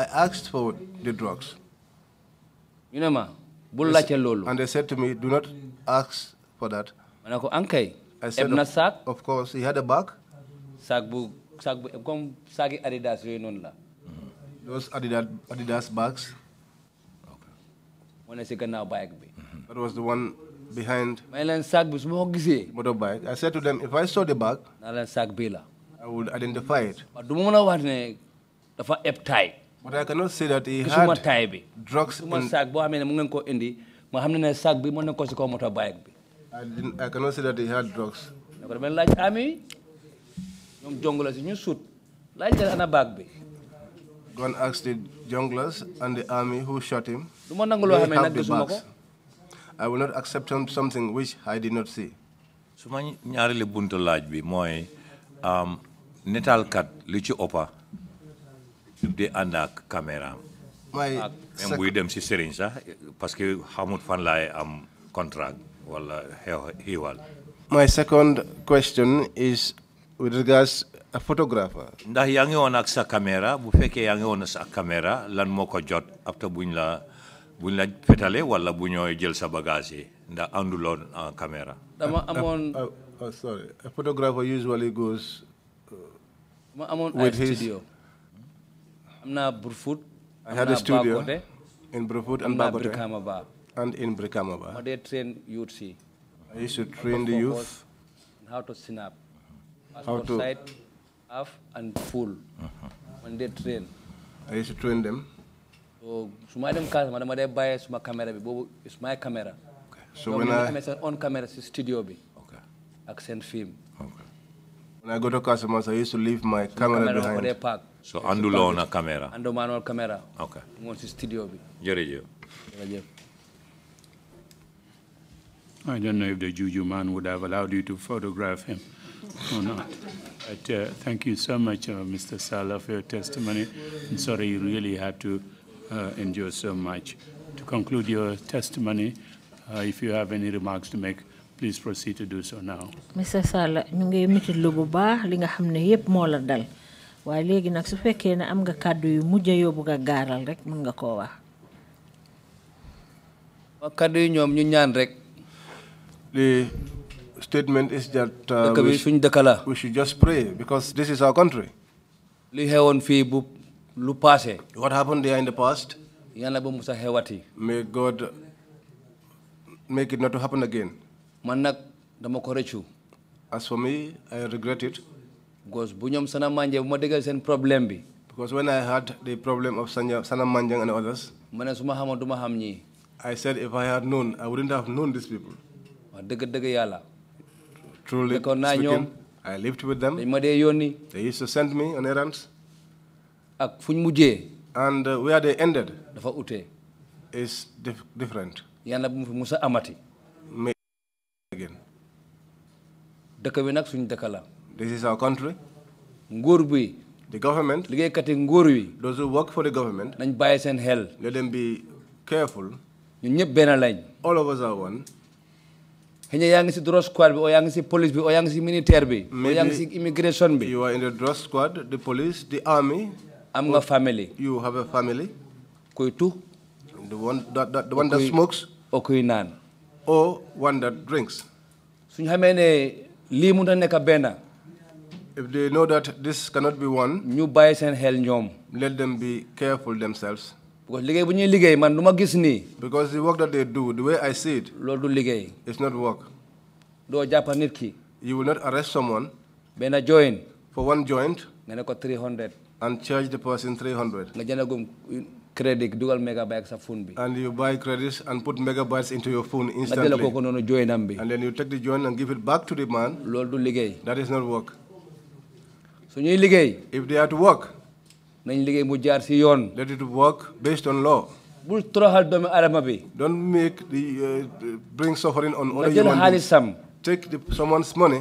I asked for the drugs. You know, And they said to me, do not ask for that. I said, of, of course, he had a bag. Adidas la. Mm-hmm. Those Adidas, Adidas bags moo ne si gannaaw bike bi. Mm-hmm. that was the one behind. may leen sac bi su gisee. motorbike I said to them if I saw the bag. naa leen sac bii la. I would identify it. waaw du ma wax ne dafa eb taay. but I cannot say that he had. gisuma bi. drugs in sac boo xam mu ngeen ko indi ma xam ne sac bi mën na ko si kaw motorbike bi. I didn't I cannot say that he had drugs. dama laaj ami ñoom jong la ñu suut laaj leen ana bag bi. Go and ask the junglers and the army who shot him. They have the I will not accept something which I did not see. suma ñaareelu buntu laaj bi mooy um, netaalkat li ci ëppa di ànd ak caméra am buy dem sax parce que fan am contract wala my second question is with regards a photographer ndax yaa ngi woon ak sa caméra bu fekkee yaa ngi woon sa caméra lan moo ko jot après buñ la buñ la fetale wala bu ñooy jël sa bagage ndax ànduloon en caméra dama oh sorry a photographer usually goes uh, ma amoon ay studio am naa Brufut I had a studio in Brufut and Bakote and in Brikama How they train youth see I used to train the youth how to synap how to half and full when uh-huh. they train. I used to train them. So suma dem kasa madam ade buy suma camera It's my camera. So when I my own camera it's studio bi. Okay. Accent film. Okay. When I go to customers, I used to leave my so camera, camera behind. Camera park. So andulo na camera. Ando manual camera. Okay. Ngon si studio bi. Jerejo. Jerejo. I don't know if the Juju man would have allowed you to photograph him or oh, not. But, uh, thank you so much, uh, Mr. Sala, for your testimony. I'm sorry you really had to uh, endure so much. To conclude your testimony, uh, if you have any remarks to make, please proceed to do so now. Mr. Sala, ñu ngi mitit lu bu baax hamne yep xamne yépp mo la dal. Waaye léegi nag su fekkee ne am nga kàddu yu mujj yoo bëgg a gaaral rek mën nga koo wax. Kàddu yi ñoom ñu ñaan rek statement is that uh, we, we, should just pray because this is our country. What happened there in the past? May God make it not to happen again. As for me, I regret it. Because when I had the problem of Sanamanjang and others, I said if I had known, I wouldn't have known these people. Truly speaking, I lived with them. They used to send me on errands. And uh, where they ended is dif different. again. This is our country. The government, those who work for the government, let them be careful. All of us are one si squad bi oh, si police bi oh, si bi oh, si immigration bi you are in the drone squad the police the army i am nga family you have a family koy tu the one that, that the one that smokes o koy nan. or one that drinks if they know that this cannot be one ñu bàyyi seen xel let them be careful themselves because liggéey bu ñuy liggéey man du gis nii. because the work that they do the way I see it. loolu du liggéey. it's not work. doo jàpp nit ki. you will not arrest someone. benn join, for one joint. nga ne ko 300. and charge the person 300. nga jëndagum credit dugal megabytes sa phone bi. and you buy credits and put megabytes into your phone instantly. nga jëla kooku noonu joint am bi. and then you take the joint and give it back to the man. loolu du liggéey. that is not work. su ñuy liggéey. if they are to work nañ liggéey mu jaar si yoon. let it work based on law. bul toroxal doomu aadama bi. don't make the uh, bring suffering on all other human beings. nga jël xaalisam. take the someone's money.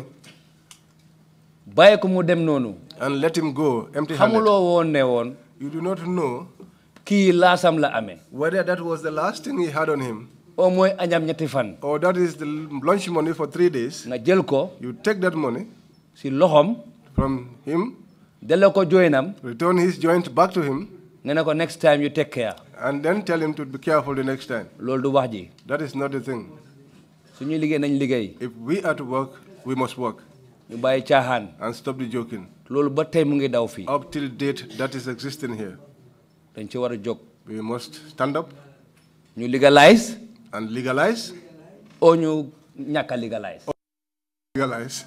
bàyyi ko mu dem noonu. and let him go empty handed. xamuloo woon ne woon. you do not know. kii laasam la amee. whether that was the last thing he had on him. oo mooy añam ñetti fan. or that is the lunch money for three days. nga jël ko. you take that money. si loxom. from him delloo ko joinam. Return his joint back to him. nga ko next time you take care. and then tell him to be careful the next time. loolu du wax ji. that is not the thing. nañ if we are to work we must work. ñu bàyyi caaxaan. and stop the joking. loolu ba tey mu ngi daw up till date that is existing here. dañ ci war a jóg. we must stand up. ñu legalize. and legalize. oo you ñàkk legalize. legalize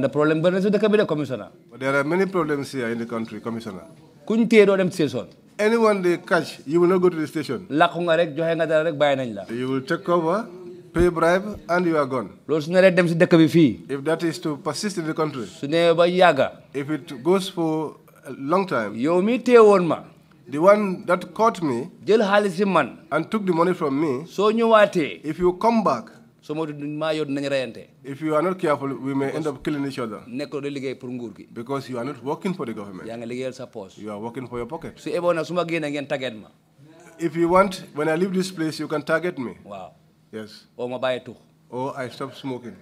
the problem burdens with the cabinet commissioner. there are many problems here in the country, commissioner. Kuntie do dem station. Anyone they catch, you will not go to the station. Lakho nga rek joxe nga dara rek nañ la. You will take over, pay bribe and you are gone. Loolu su ne dem si dëkk bi fii. If that is to persist in the country. Su ne ba yàgga. If it goes for a long time. Yow mi own ma. The one that caught me. Jël xaalis si man. And took the money from me. Soo ñëwaatee. If you come back so moytu duñ maa nañ reyante. if you are not careful we may end up killing each other. nekkoo di liggéey pour nguur gi. because you are not working for the government. yaa ngi liggéeyal sa poche. you are working for your pocket. su eboon na su ma génnee ngeen tàggat ma. if you want when I leave this place you can target me. Wow. yes. oo ma bàyyi tux. or I stop smoking.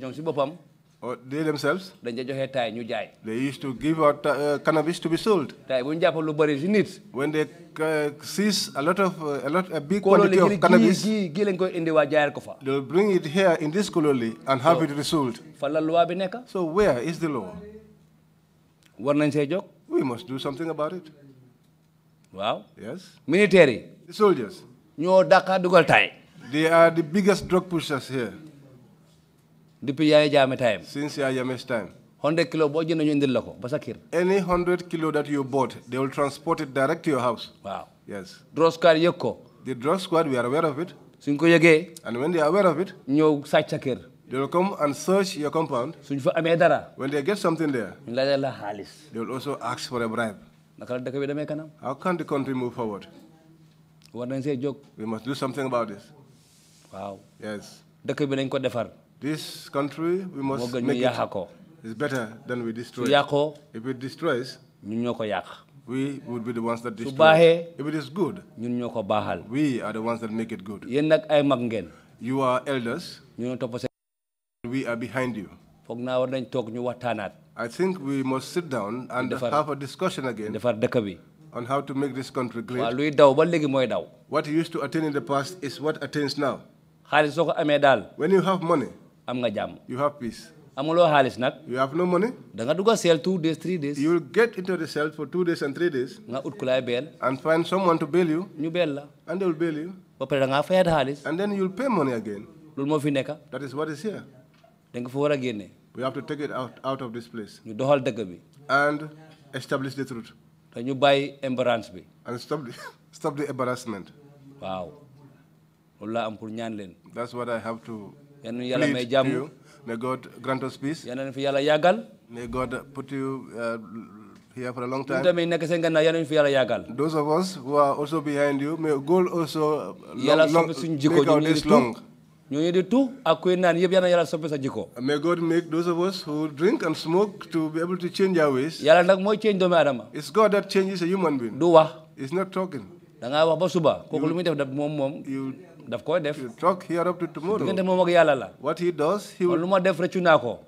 ñoom si boppam. Or oh, they themselves. dañ joxe ñu jaay. they used to give out uh, cannabis to be sold. jàpp lu nit. when they uh, seize a lot of uh, a lot a big quantity of cannabis. gii lañ koy indi jaayal ko fa. they bring it here in this colony and have it resold. fa la loi bi nekk. so where is the law. war nañ see we must do something about it. Wow. yes. Military. the soldiers. ñoo dakar dugal taay. they are the biggest drug pushers here depuis Yaya Jammeh time. Since Yaya Jammeh's time. 100 kilo boo jënd ñu indil la ko ba sa kër. any 100 kilo that you bought they will transport it direct to your house. Wow, yes. drug squad yëg the drug squad we are aware of it. suñ ko yëgee. and when they are aware of it. ñëw sàcc sa kër. They will come and search your compound. Suñ fa amee dara. When they get something there. Ñu laaj la xaalis. They will also ask for a bribe. Naka dëkk bi demee kanam. How can the country move forward? War nañ see jóg. We must do something about this. Wow, Yes. dëkk bi nañ ko defar. This country, we must make it is better than we destroy it. If it destroys, we would be the ones that destroy it. If it is good, we are the ones that make it good. You are elders. We are behind you. I think we must sit down and have a discussion again on how to make this country great. What you used to attain in the past is what attains now. When you have money, am nga you have peace. amuloo xaalis nag. you have no money. da nga dugg sell two days three days. you will get into the cell for two days and three days. nga ut ku bail. and find someone to bail you. ñu bail la. and they will bail you. ba pare da ngaa fayaat and then you will pay money again. loolu moo fi nekk. that is what is here. da nga for war génne. we have to take it out out of this place. ñu doxal the bi. and establish the truth. te ñu buy embarrassment bi. and stop the stop the embarrassment. Wow. loolu laa am pour ñaan that's what I have to may God grant us peace. may God put you uh, here for a long time. those of us who are also behind you may God also. long. long. may God make those of us who drink and smoke to be able to change our ways. it's God that changes a human being. it's not talking. da ngaa daf koy def. you talk here up to tomorrow. yàlla la. what he does he will. lu def ko.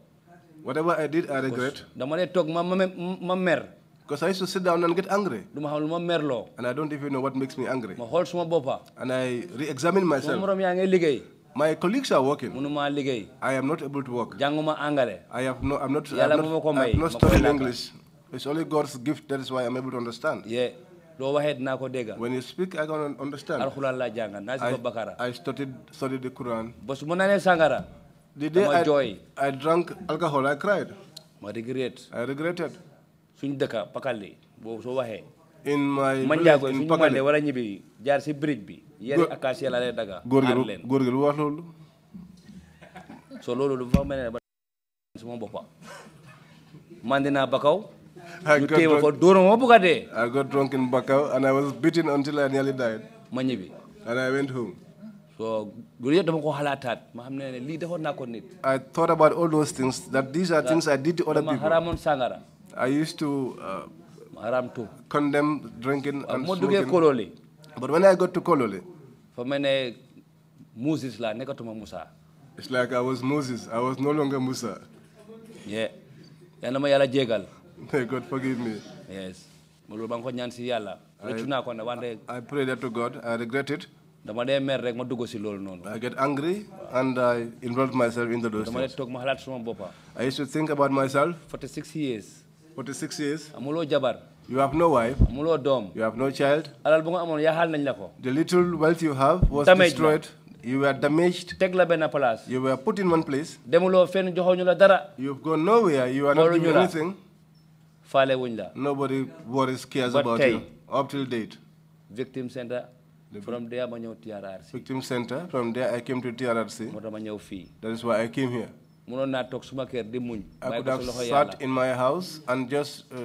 whatever I did I regret. dama dee toog ma ma mer. Because I used to sit down and get angry. And I don't even know what makes me angry. And I re examine myself. My colleagues are working. I am not able to work. I have no, I'm not, I'm not, I'm not studying English. It's only God's gift, that is why I'm able to understand. Yeah. do wahed na ko dega when you speak i don't understand alquran la jangan na ci bakara i studied studied the quran bos mo nane sangara the day I, joy. I drank alcohol i cried ma regret i regretted suñ deka pakali bo so wahe in my manjago suñ pakale wala ñibi jaar ci bridge bi yari acacia la lay daga gorgel gorgel wax lolu so lolu lu fa melene ba suma bopa mandina bakaw I got, drunk, I got drunk in Bakau and I was beaten until I nearly died. And I went home. So Mahamne I thought about all those things, that these are things I did to other people. Maharamon sangara. I used to uh, too. condemn drinking and smoking. But when I got to Kololi, Moses la nekatuma Musa. It's like I was Moses. I was no longer Musa. Yeah. Yana ma yala jégal. May God forgive me. Yes. I, I pray that to God. I regret it. I get angry and I involve myself in the those I used to think about myself. 46 years. 46 years. You have no wife. You have no child. The little wealth you have was destroyed. You were damaged. You were put in one place. You've gone nowhere. You are not doing anything nobody worries cares about you. up till date. victim center. from there ma to TRRC. victim center from there I came to TRRC. that is why I came here. I could have sat in my house and just uh,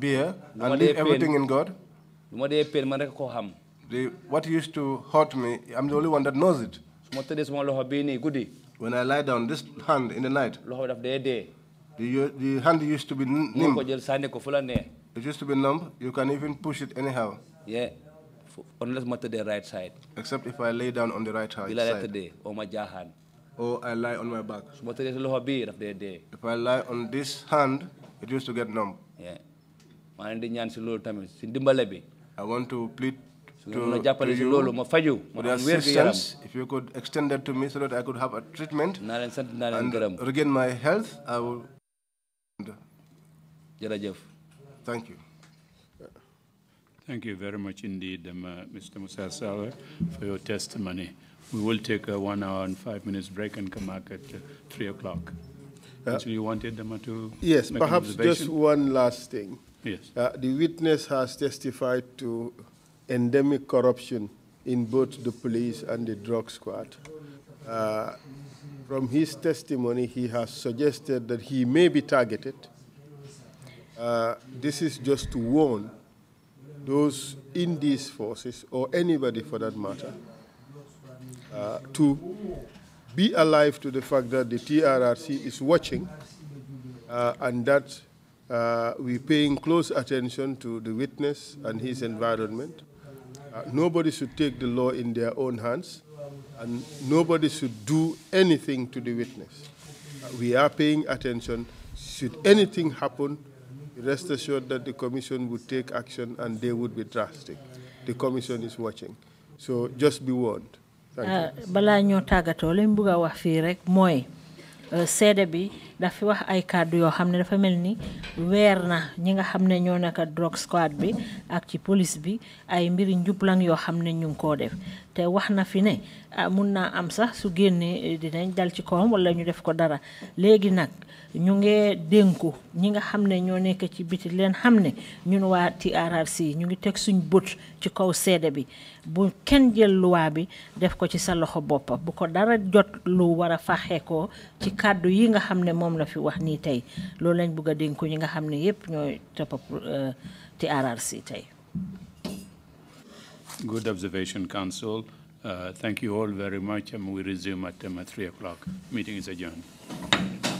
here and leave everything in God. pain the what used to hurt me I'm the only one that knows it. when I lie down this hand in the night. The, the hand used to be numb. It used to be numb. You can even push it anyhow. Yeah. Unless matter the right side. Except if I lay down on the right hand side. Or oh my jahan. Or I lie on my back. If I lie on this hand, it used to get numb. Yeah. I want to plead to, to you with assistance, if you could extend that to me so that I could have a treatment and regain my health, I will jërëjëf thank you Thank you very much indeed, Mr. Um, uh, Musa Saleh, for your testimony. We will take a one hour and five minutes break and come back at uh, three o'clock. so uh, you wanted them um, to Yes, perhaps just one last thing. Yes. Uh, the witness has testified to endemic corruption in both the police and the drug squad. from his testimony, he has suggested that he may be targeted uh, this is just to warn those in these forces, or anybody for that matter, uh, to be alive to the fact that the TRRC is watching uh, and that uh, we're paying close attention to the witness and his environment. Uh, nobody should take the law in their own hands and nobody should do anything to the witness. Uh, we are paying attention. Should anything happen, Rest assured that the Commission would take action and they would be drastic. The Commission is watching. So just be warned. Thank you. Uh, daf fi wax ay kàddu yoo xam ne dafa mel ni weer na ñi nga xam ne ñoo nekk drogue squad bi ak ci police bi ay mbiri njublang yoo xam ne ñu ngi koo def te wax na fi ne ah, mun naa am sax su génnee eh, dinañ dal ci kawam wala ñu def ko dara léegi nag ñu ngi dénku ñi nga xam ne ñoo nekk ci biti leen xam ne ñun waa TRRC ñu ngi teg suñ bët ci kaw seede bi bu kenn jël luwaa bi def ko ci sa loxo bopp bu ko dara jot lu war a faxee ko ci kàddu yi nga xam ne moom la fi wax lañ dénku ñi nga uh, Good observation, Council. Uh, thank you all very much, and we resume at um, 3 o'clock. Meeting is adjourned.